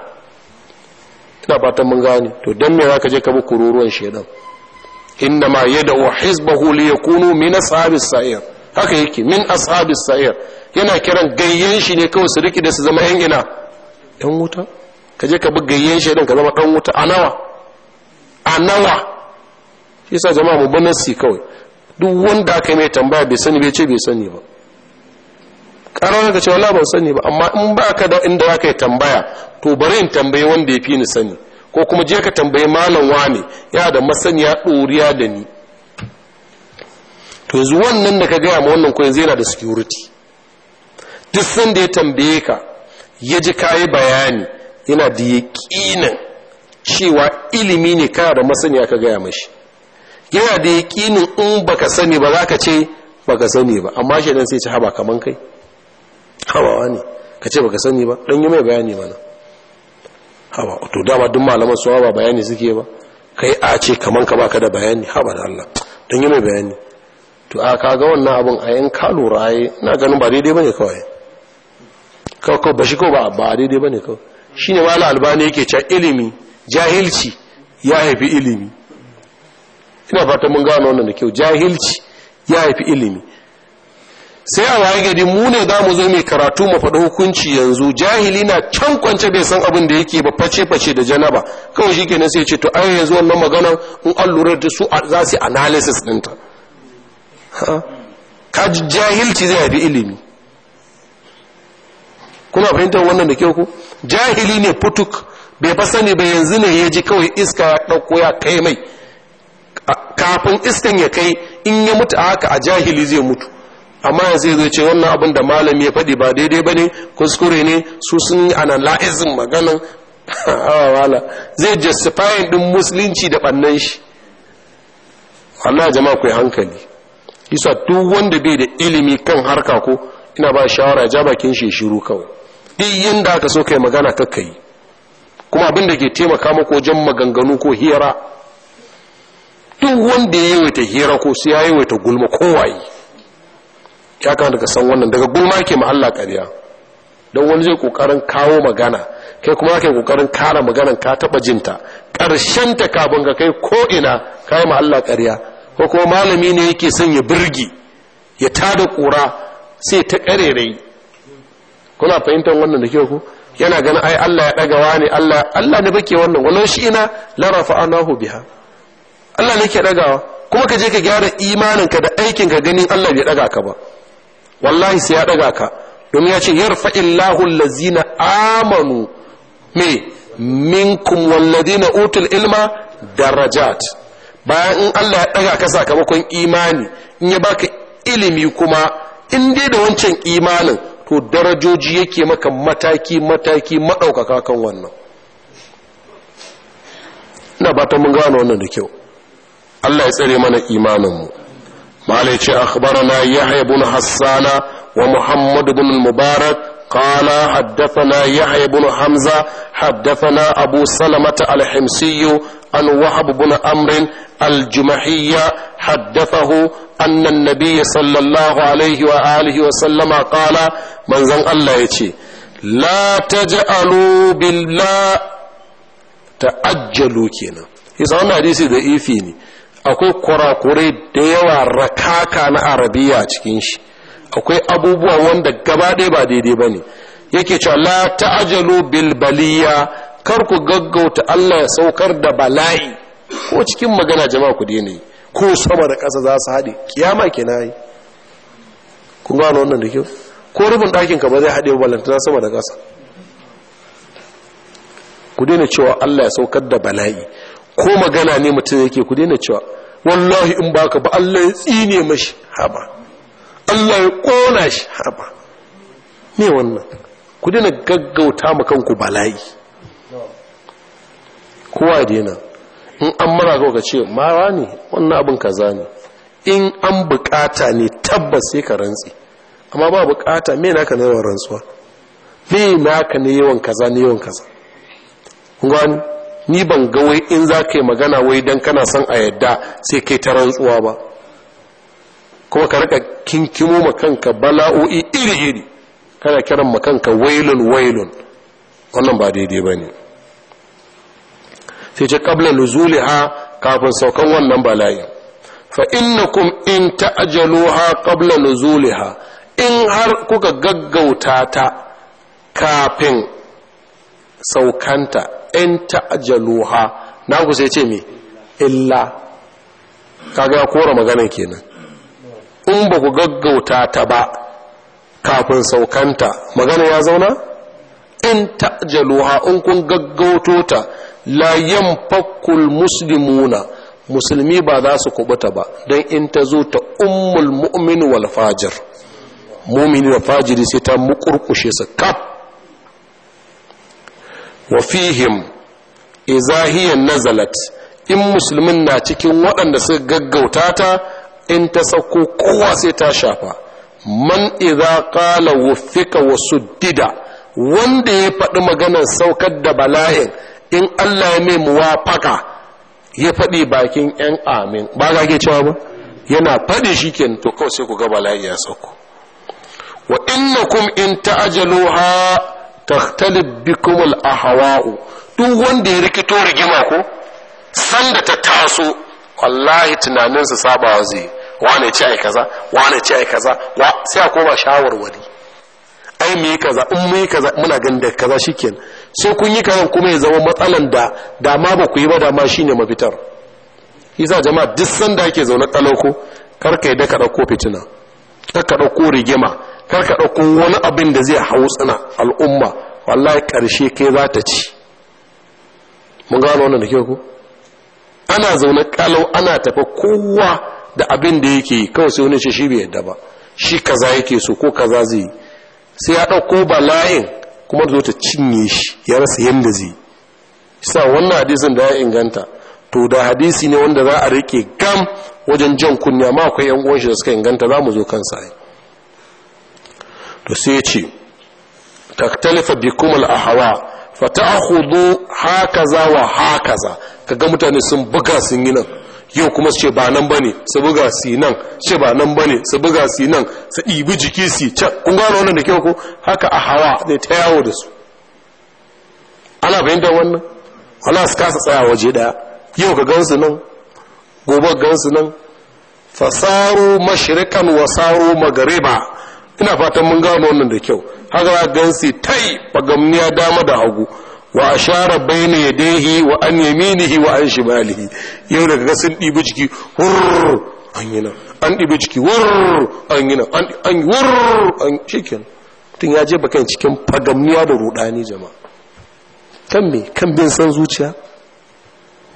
ina fatan mun gane to dan me zaka je ka bi kururuwan shedan inna ma yad'u hizbahu li yakunu min ashabis sa'ir haka yake min ashabis sa'ir yana kiran gayyen shi ne kawai su riki da su zama yan ina yan wuta ka je ka bi gayyen shi ka zama dan wuta a nawa a nawa shi sa jama'a mu si kawai duk wanda aka mai tambaya bai sani bai ce bai sani ba ƙarar da cewa ban sani ba amma in ba ka da inda aka yi tambaya to bari in tambaye wanda ya fi ni sani ko kuma je ka tambayi malam wane ya da masaniya ɗoriya da ni to yanzu wannan da ka gaya ma wannan ko zai yana da security duk sanda ya tambaye ka ya ji kayi bayani yana da yaƙinin cewa ilimi ne kana da masaniya ka gaya mashi yana da yaƙinin in baka sani ba za ka ce baka sani ba amma shi sai ci haba kaman kai hawawa ne ka ce baka sani ba ɗan yi mai bayani mana haba to dama duk malaman su ba bayani suke ba kai a ce kaman ka baka da bayani haba da Allah ɗan yi mai bayani to a kaga wannan abun a yin ka lura ai ina ganin ba daidai bane kawai kawai ba shi kawai ba daidai ba ne kawai shi ne mala albani yake ca ilimi jahilci ya haifi ilimi ina fata mun gano wannan da kyau jahilci ya haifi ilimi sai a waye gadi mu ne za mu zo mai karatu mu faɗi hukunci yanzu jahili na can kwance bai san abin da yake ba face-face da janaba kawai shi kenan sai ce to ai yanzu wannan magana in an lura da su za su analysis ɗinta ka jahilci zai haifi ilimi kuna fahimtar wannan da kyau ku jahili ne putuk bai fa sani ba yanzu ne ya ji kawai iska ya ɗauko ya kai mai kafin iskan ya kai in ya mutu a haka a jahili zai mutu amma yanzu zai ce wannan abin da malami ya faɗi ba daidai ba ne kuskure ne su sun yi magana maganan [LAUGHS] wala zai justifying ɗin musulunci da ɓannan shi Allah jama'a ku hankali isa duk wanda bai da ilimi kan harka ko ina ba shawara ja bakin shi shiru kawai ɗiyin da aka so kai magana ta yi kuma abin da ke taimaka maka wajen maganganu ko hira duk wanda ya yawaita hira ko su ya yawaita gulma kowaye ya kamata ka san wannan daga gulma ke ma'alla Allah don wani zai kokarin kawo magana kai kuma kai kokarin kara magana ka taba jinta karshen ta kafin ka kai ko ina kai yi Allah ƙarya ko kuma malami ne yake son ya birgi ya tada ƙura sai ta ƙarerai kuna fahimtar wannan da kyau ku yana ganin ai Allah ya daga ne Allah Allah ne bake wannan walau shi ina la rafa'anahu biha Allah ne ke dagawa kuma ka je ka gyara imanin ka da aikin ka ganin Allah bai daga ka ba wallahi sai ya daga ka domin ya ce yarfa'illahu allazina amanu me minkum walladina utul ilma darajat bayan in Allah ya daga ka sakamakon imani in ya baka ilimi kuma in dai da wancan imanin to darajoji yake maka mataki-mataki maɗaukaka kan wannan na bata ta mun gano wannan da kyau Allah ya tsare mana imaninmu malai ce na yahya ibn hassana wa Muhammadu ibn mubarak qala haddathana yahya ibn hamza haddathana abu salamata al-himsiyyu an wahab ibn amr al-jumahiyya أن النبي صلى الله عليه وآله وسلم قال من زن الله يتي لا تجعلوا بالله تعجلوا كينا يسا wannan hadisi da ifi ne akwai kurakurai da yawa rakaka na arabiya a cikin shi akwai abubuwa wanda gaba ɗaya ba daidai ba ne yake cewa la ta'ajalu bil baliya kar ku gaggauta Allah ya saukar da bala'i ko cikin magana jama'a ku daina yi ko sama da ƙasa za su haɗe ƙiyama ke na yi kun gano wannan da kyau ko rufin ɗakin ka ba zai haɗe balantana sama da ƙasa ku daina cewa allah ya saukar da bala'i ko magana ne mutum yake ku daina cewa wallahi in baka ba allah ya tsine mashi haba allah ya ƙona shi haba ne wannan ku daina gaggauta ma kanku bala'i kowa daina in an mara ga ce mara ne wannan abin kaza ne in an bukata ne tabbas sai ka rantsi amma ba bukata me naka na yawan rantsuwa me naka na yawan kaza na yawan kaza gwani ni ban ga wai in zaka yi magana wai don kana son a yadda sai kai ta rantsuwa ba kuma ka rika kinkimo kanka bala'o'i iri-iri kana kiran kanka wailun wailun wannan ba daidai ba ne sai ce qabla ha kafin saukan wannan bala'in fa innakum in ta'jaluha qabla ha. in har kuka gaggauta ta kafin saukanta in ha? na ku sai ce me illa kaga kora magana kenan in ba ku gaggauta ta ba kafin saukanta magana ya zauna in ha in kun gaggauto ta la fakul muslimuna musulmi ba za su kubuta ba don in ta zo ta ummul mu'min wal fajir mu'min da fajiri sai ta mukurkushe su kaf wa fihim izahiyan nazalat in musulmin na cikin waɗanda suka gaggauta ta in ta sauko kowa sai ta shafa man idza qala wuffika wa wanda ya faɗi maganar saukar da bala'in in Allah ya mai muwafaka ya faɗi bakin ‘yan amin ba za ke cewa ba yana faɗi shi ke to kawai sai ku ga bala'i ya sauko wa kuma in ha takhtalib bikum al-ahwa'u duk wanda ya rikito rigima ko sanda ta taso wallahi tunaninsa sabawa zai wane ce ai kaza wane ce ai kaza sai a koma shawarwari ai mu yi kaza in mu yi kaza muna ganin da kaza shikenan sai kun yi kayan kuma ya zama matsalan da dama ba ku yi ba dama shine mafitar yasa jama'a duk sanda ake zaune talauko kar ka yadda ka ɗauko fitina kar ɗauko rigima karka ɗauko wani abin da zai hau tsina al'umma wallahi ƙarshe kai za ta ci mun gano wannan da ku ana zaune kalau ana tafi kowa da abin da yake yi kawai sai wani shi bai yadda ba shi kaza yake so ko kaza zai yi sai ya ɗauko bala'in kuma zo ta cinye shi ya rasa yadda zai sa wannan hadisin da ya inganta to da hadisi ne wanda za a rike gam wajen jan kunya ma akwai yan uwan shi da suka inganta za mu zo kansa ai to sai ya ce taktalifa bikum al-ahwa fata'khudhu hakaza wa hakaza kaga mutane sun buga sun yi nan yau kuma su ce ba nan bane su buga su nan su ce ba nan bane su buga su nan su ɗibi jiki su can kun gano wannan da kyau ko haka a hawa ne ta yawo da su ana fahimtar wannan wala su kasa tsaya waje ɗaya yau ka gansu nan gobe gansu nan fasaru mashirikan wasaro magariba ina fatan mun gano wannan da kyau haka za gansu tai bagamniya dama da hagu wa ashara bayna yadayhi wa an yaminihi wa an shimalihi yau daga sun dibi ciki, hurr an yi nan an dibi ciki, hurr an yi nan an yi hurr an cikin. tun ya je bakan cikin fagamniya da rudani jama'a kan me kan bin san zuciya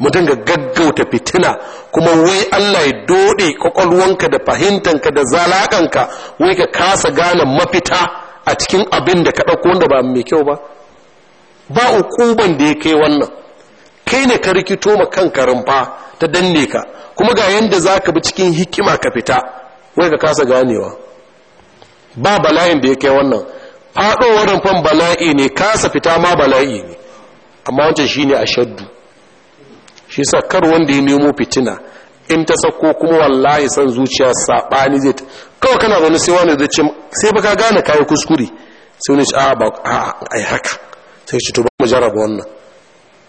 mu dinga gaggauta fitina kuma wai Allah ya dode kwakwalwanka da fahimtanka da zalakanka wai ka kasa gane mafita a cikin abin da ka ɗauko wanda ba mai kyau ba ba ukuban da ya kai wannan kai ne ka rikito ma kan rumfa ta danne ka kuma ga yanda za ka bi cikin hikima ka fita wai ka kasa ganewa ba bala'in da ya kai wannan faɗowar rumfan bala'i ne kasa fita ma bala'i ne amma wancan shi ne a shaddu shi sa wanda ya nemo fitina in ta sako kuma wallahi san zuciya saɓani zai ta kawai kana zaune sai wani zai ce sai baka gane kayi kuskure sai wani ce a ba a ai haka sai shi tuba mu jarraba wannan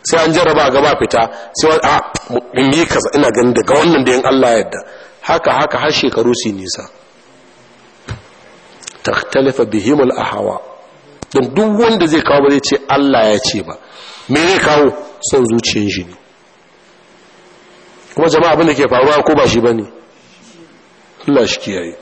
sai an jarraba gaba fita sai a ah, mu yi kaza ina ganin daga wannan da yin Allah yadda haka haka har shekaru su nisa takhtalifa bihimul ahawa don duk wanda zai kawo ba zai ce Allah ya ce ba me zai kawo son zuciyar shi ne kuma jama'a abin ke faruwa ko ba shi bane Allah shi kiyaye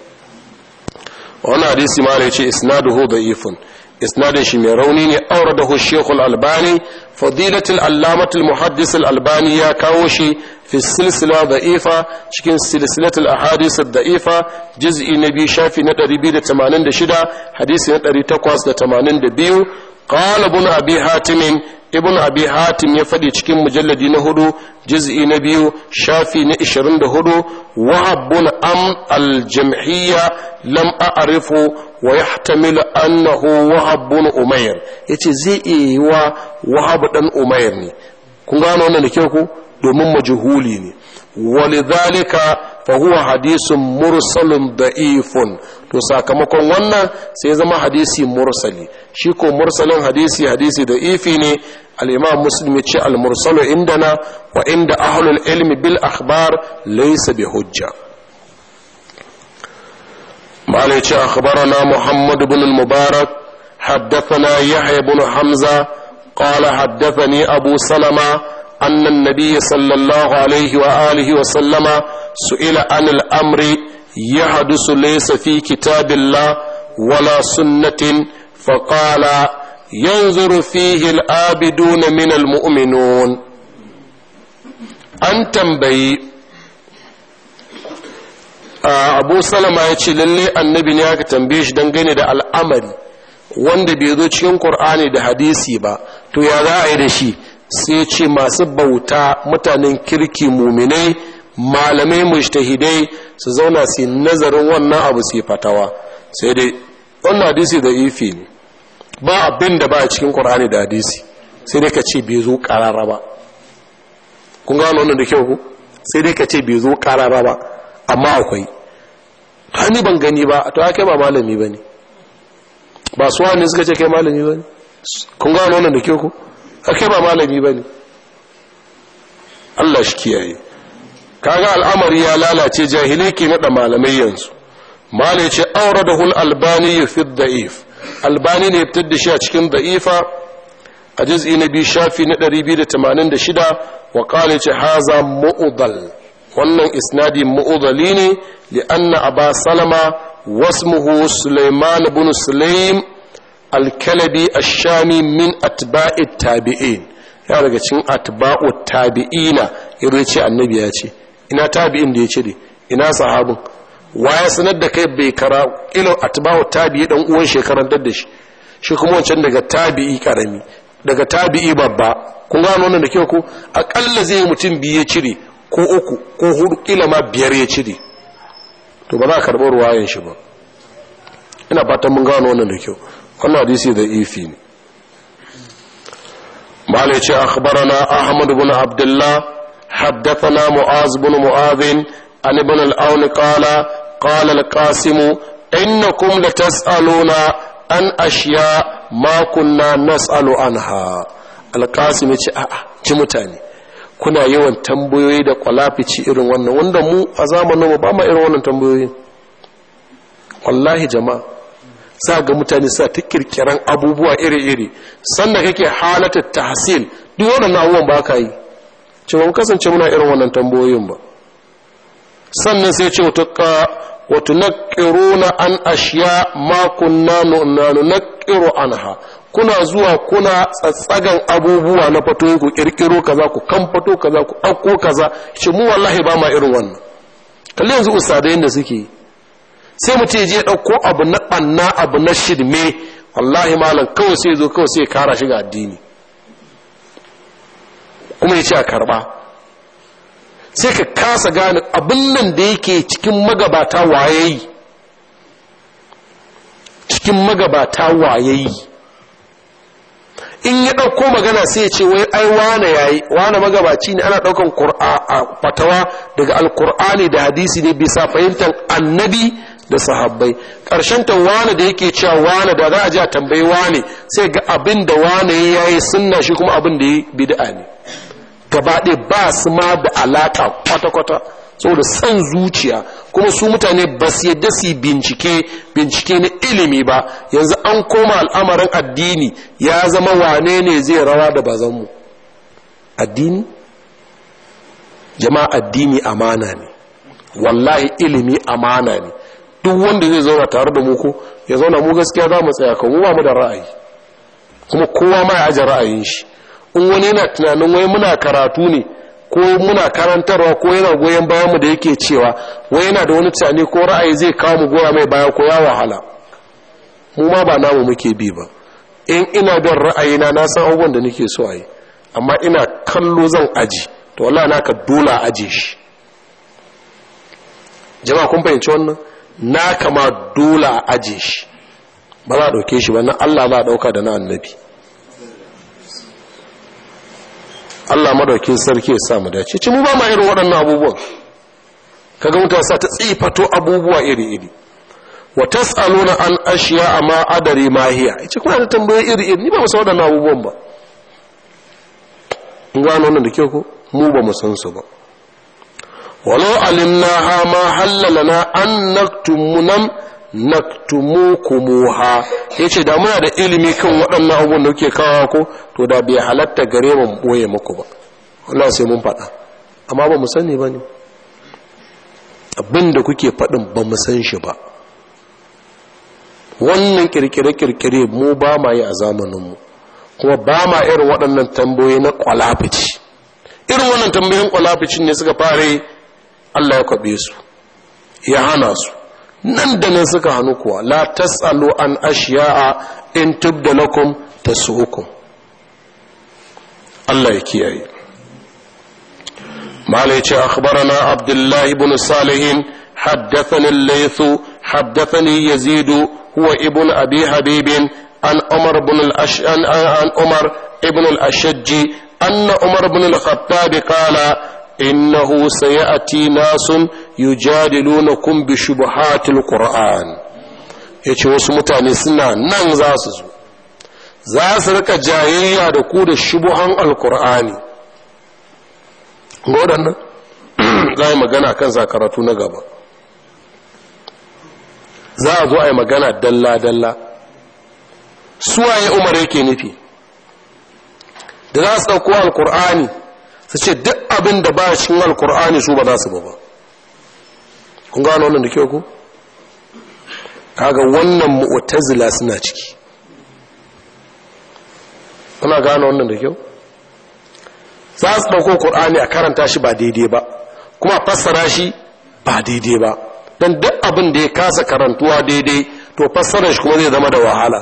wannan hadisi ma ya ce isnaduhu da'ifun isnadin shi mai rauni ne auradahu shekul albani fadilatul allamatul muhaddis albani ya kawo shi fi silsila da'ifa cikin silsilatul ahadis da'ifa juz'i na biyu shafi na 286 hadisi na 882 qala ibn abi hatimin. ibn abi hatim ya faɗi cikin mujalladi na hudu juz'i na biyu shafi na ishirin da hudu wahabbun am aljam'iyya lam a'rifu wa yahtamilu annahu wahabbun umayr yace zai iya yi wa wahab dan umayr ne kun gano wannan da kyau ku domin majhuli ne walidhalika fa huwa hadisun mursalun da'ifun to sakamakon wannan sai zama hadisi mursali shi ko mursalin hadisi hadisi da'ifi ne al-imam muslim ya ce al-mursalu indana wa inda ahlul ilmi bil akhbar laysa bi hujja ma'ana ya ce akhbarana muhammad ibn al-mubarak haddathana yahya ibn hamza qala haddathani abu salama annan nabiyyi sallallahu alaihi wa wa sallama su'ila anil amri yahdusu laysa fi kitabillah wala sunnatin faqala yanzuru fihi al-abiduna min al an tambayi abu salama ya ce lalle annabi ne aka tambaye shi dangane da al'amari wanda bai zo cikin qur'ani da hadisi ba to ya za a yi da shi sai ce masu bauta mutanen kirki muminai malamai mujtahidai su zauna su nazarin wannan abu su fatawa sai dai wannan hadisi da ifi ne ba abin da ba a cikin qur'ani da hadisi sai dai ka ce bai zo karara ba kun gano wannan da kyau ku sai dai ka ce bai zo karara ba amma akwai hani ban gani ba to kai ba malami bane ba suwa wani suka ce kai malami bane kun gano wannan da kyau ku kai ba malami ba ne allah shi kiyaye kaga al'amari ya lalace jahilai ke naɗa malamai yanzu malai ce aure da hul albani ya fi da'if albani ne ya fitar da shi a cikin da'ifa a jiz'i na biyu shafi na 286 wa kala ce haza mu'udal wannan isnadi mu'udali ne li anna Abba salama wasmuhu Suleiman ibn sulaim alkalabi ashami min atba'i tabi'in ya daga cikin atba'u tabi'ina ya ce annabi ya ce ina tabi'in da ya ce ina sahabin ya sanar da kai bai kara ilo atba'u tabi'i dan uwan shekaran da shi shi kuma wancan daga tabi'i karami daga tabi'i babba kun gano wannan da kyau ko akalla zai mutum biyu ya cire ko uku ko hudu kila ma biyar ya cire to ba za a karɓar ruwayan shi ba ina fatan mun gano wannan da kyau wannan hadisi da ifi ne Mali ce akhbarana ahmad ibn abdullah haddathana mu'az ibn mu'adhin an ibn al awn qala qala al-qasim innakum latas'aluna an ashiya ma kunna nas'alu anha al-qasim ce a'a ci mutane kuna yawan tambayoyi da kwalafici irin wannan wanda mu a zamanin ba ma irin wannan tambayoyi wallahi jama'a sa ga mutane sa ta kirkiran abubuwa iri-iri sannan kake ta hasil duk waɗannan abubuwan ba ka yi ce ba kasance muna irin wannan tambayoyin ba sannan sai ce wata naƙiru na an ashiya makon nano naƙiru an ha kuna zuwa kuna tsatsagan abubuwa na fato ku ƙirƙiro kaza ku kan fato kaza ku ɗauko kaza shi mu wallahi ba ma irin wannan kalli yanzu usadai da suke yi sai mutum je ɗauko abu na ɓanna abu na shirme wallahi malam kawai sai zo kawai sai kara shiga addini kuma ya ce a karɓa sai ka kasa gane abin nan da yake cikin magabata wayayi cikin magabata wayayi in ya ɗauko magana sai ya ce wai ai wane yayi wane magabaci ne ana ɗaukan fatawa daga alkur'ani da hadisi ne bisa fahimtar annabi da sahabbai ƙarshen ta wane da yake cewa wane da za a ji a tambayi wane sai ga abin da wane ya yi sunna shi kuma abin da ya yi bid'a ne gaba ɗaya ba su ma da alaƙa kwata-kwata saboda son zuciya kuma su mutane ba su yadda su bincike bincike na ilimi ba yanzu an koma al'amarin addini ya zama wane ne zai rawa da bazanmu addini jama'a addini amana ne wallahi ilimi amana ne duk wanda zai zauna tare da mu ko ya zauna mu gaskiya za mu tsaya kan mu ba da ra'ayi kuma kowa ma ya aje ra'ayin shi in wani yana tunanin wai muna karatu ne ko muna karantarwa ko yana goyon bayan mu da yake cewa wai yana da wani tunani ko ra'ayi zai kawo mu goya mai baya ko ya wahala mu ma ba namu muke bi ba in ina da ra'ayi na na san abubuwan da nake so a yi amma ina kallo zan aji to wallahi na ka dola aje shi jama'a kun fahimci wannan na kama dole a aje shi ba za a ɗauke shi ba na Allah za a ɗauka da na annabi Allah madaukin sarki ya samu dace ci mu ba ma irin waɗannan abubuwan kaga mutane sa ta tsifato abubuwa iri-iri wa tas'aluna an ashiya ma adari ma hiya ce kuna da tambayoyi iri-iri ni ba musa waɗannan abubuwan ba in gano wannan da kyau ko mu ba mu san su ba walau alimna ha ma hallalana an naktumunan naktumukumu yace da muna da ilimi kan waɗannan abubuwan da kuke kawo ko to da bai halatta gare mu boye muku ba wallahi sai mun faɗa amma ba mu sani ba ne abin kuke faɗin bamu san shi ba wannan kirkire-kirkire mu ba ma yi a zamaninmu kuma ba ma irin waɗannan tambayoyi na kwalafici irin wannan tambayoyin kwalaficin ne suka fara yi. Allah ya kwabe su ya hana su nan da nan suka hannu kuwa la tasalu an ashiya'a in tubda lakum hukum. Allah ya kiyaye mala yace akhbarana abdullahi ibn salihin haddathani Laitu, laythu haddathani yazid huwa ibn abi Habibin, an umar ibn al an umar ibn al-ashajji anna umar ibn al-khattab qala innahu sayati nasun yujadilunakum bi shubuhatil qur'an yace wasu mutane suna nan za su zo za su rika jayayya da ku da shubuhan alqur'ani waɗannan za yi magana kan karatu na gaba za a zo a yi magana dalla-dalla suwaye umar yake nufi da za su ɗauko alkur'ani su ce duk abin da ba cikin alkur'ani su ba za su ba kun gano wannan da kyau ku kaga wannan mu'tazila suna ciki kuna gano wannan da kyau za su ɗauko ƙur'ani a karanta shi ba daidai ba kuma fassara shi ba daidai ba don duk abin da ya kasa karantuwa daidai to fassara shi kuma zai zama da wahala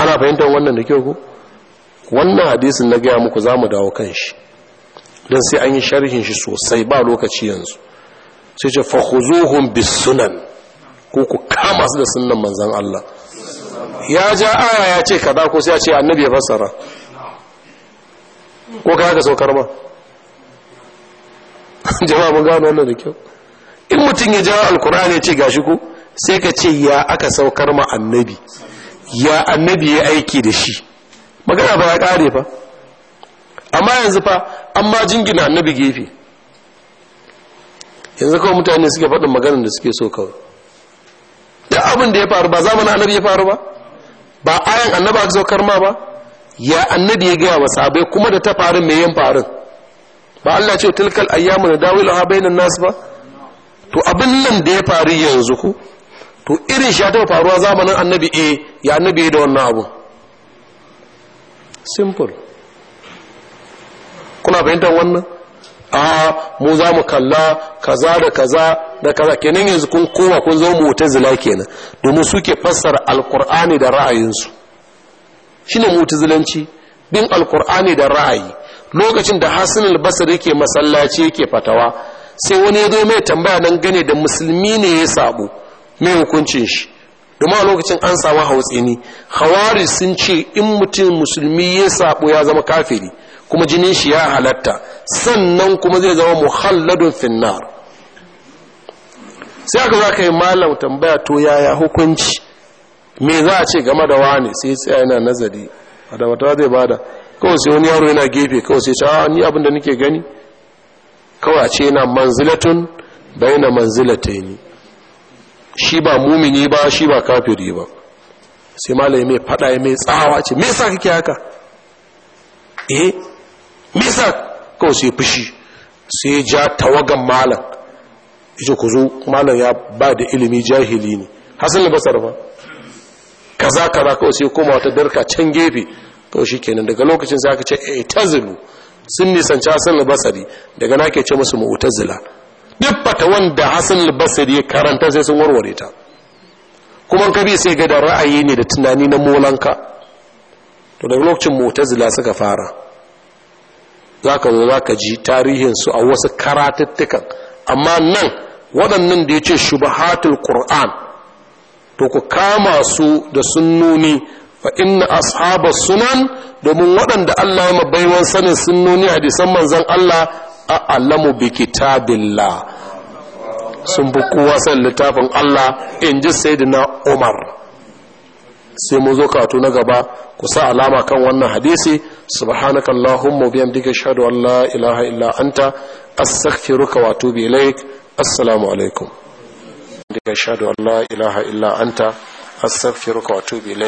ana fahimtar wannan da kyau ku wannan hadisin na gaya muku za mu dawo kan shi don sai an yi sharhin shi sosai ba lokaci yanzu sai ce fahuzuhun bisunan ko ku kama su da sunan manzan Allah ya ja aya ya ce kada ko sai ya ce annabi ya fassara ko ka haka saukar ba [LAUGHS] jama'a mun gano wannan da kyau in mutum ya jawo alkur'ani ya ce gashi ko sai ka ce ya aka saukar ma annabi ya annabi ya aiki da shi magana ba ya kare fa amma yanzu fa an ma jingina annabi gefe yanzu kawai mutane suke faɗin maganar da suke so kawai ya abin da ya faru ba zamanin annabi ya faru ba ba ayan annabi aka saukar ma ba ya annabi ya gaya wa sahabbai kuma da ta faru mai yin farin ba Allah ce tilkal ayyamu da dawilu ha bainan nasu ba to abin nan da ya faru yanzu ku to irin shi ta faruwa zamanin annabi eh ya annabi da wannan abu simple kuna fahimtar wannan a mu za mu kalla kaza da kaza da kaza kenan yanzu kun kowa kun zo mu'tazila kenan domin suke fassara alkur'ani da ra'ayinsu shine mu'tazilanci bin alkur'ani da ra'ayi lokacin da hasin albasar yake masallaci yake fatawa sai wani ya zo mai tambaya nan gane da musulmi ne ya sabu mai hukuncin shi domin a lokacin an samu hautsini hawari sun ce in mutum musulmi ya sabo ya zama kafiri kuma jinin shi ya halatta sannan kuma zai zama muhalladun finnar sai aka za ka yi malam tambaya to yaya hukunci me za a ce game da wani sai tsaya yana nazari a da wata zai bada kawai sai wani yaro yana gefe kawai sai cewa ah, ni abin da nake gani kawai a ce yana manzilatun bai na manzilata ni shi ba mumini ba shi ba kafiri ba sai malami mai fada mai tsawa ce me sa kake haka eh me yasa kawai sai fushi sai ja tawagan malam yace ku zo malam ya ba da ilimi jahili ne hasan da basar ba kaza kaza kawai sai koma wata darka can gefe shi kenan daga lokacin sai aka ce eh tazilu sun nisanci hasan labasari basari daga na ke ce musu zila. duk wanda hasan basir ya karanta sai sun warware ta kuma ka bi sai ga da ra'ayi ne da tunani na molanka to daga lokacin mutazila suka fara zaka zo zaka ji tarihin su a wasu karatuttukan amma nan waɗannan da yace ce shubahatul qur'an to ku kama su da sunnoni fa inna ashabas sunan domin waɗanda allah ya mabaiwan sanin sunnoni hadisan manzon allah a'lamu bi kitabillah sun fi kowa san littafin Allah in ji sayyidina Umar sai mu zo kato na gaba ku sa alama kan wannan hadisi subhanaka allahumma bihamdika ashhadu an la ilaha illa anta astaghfiruka wa atubu ilaik assalamu alaikum daga ashhadu an la ilaha illa anta astaghfiruka wa atubu ilaik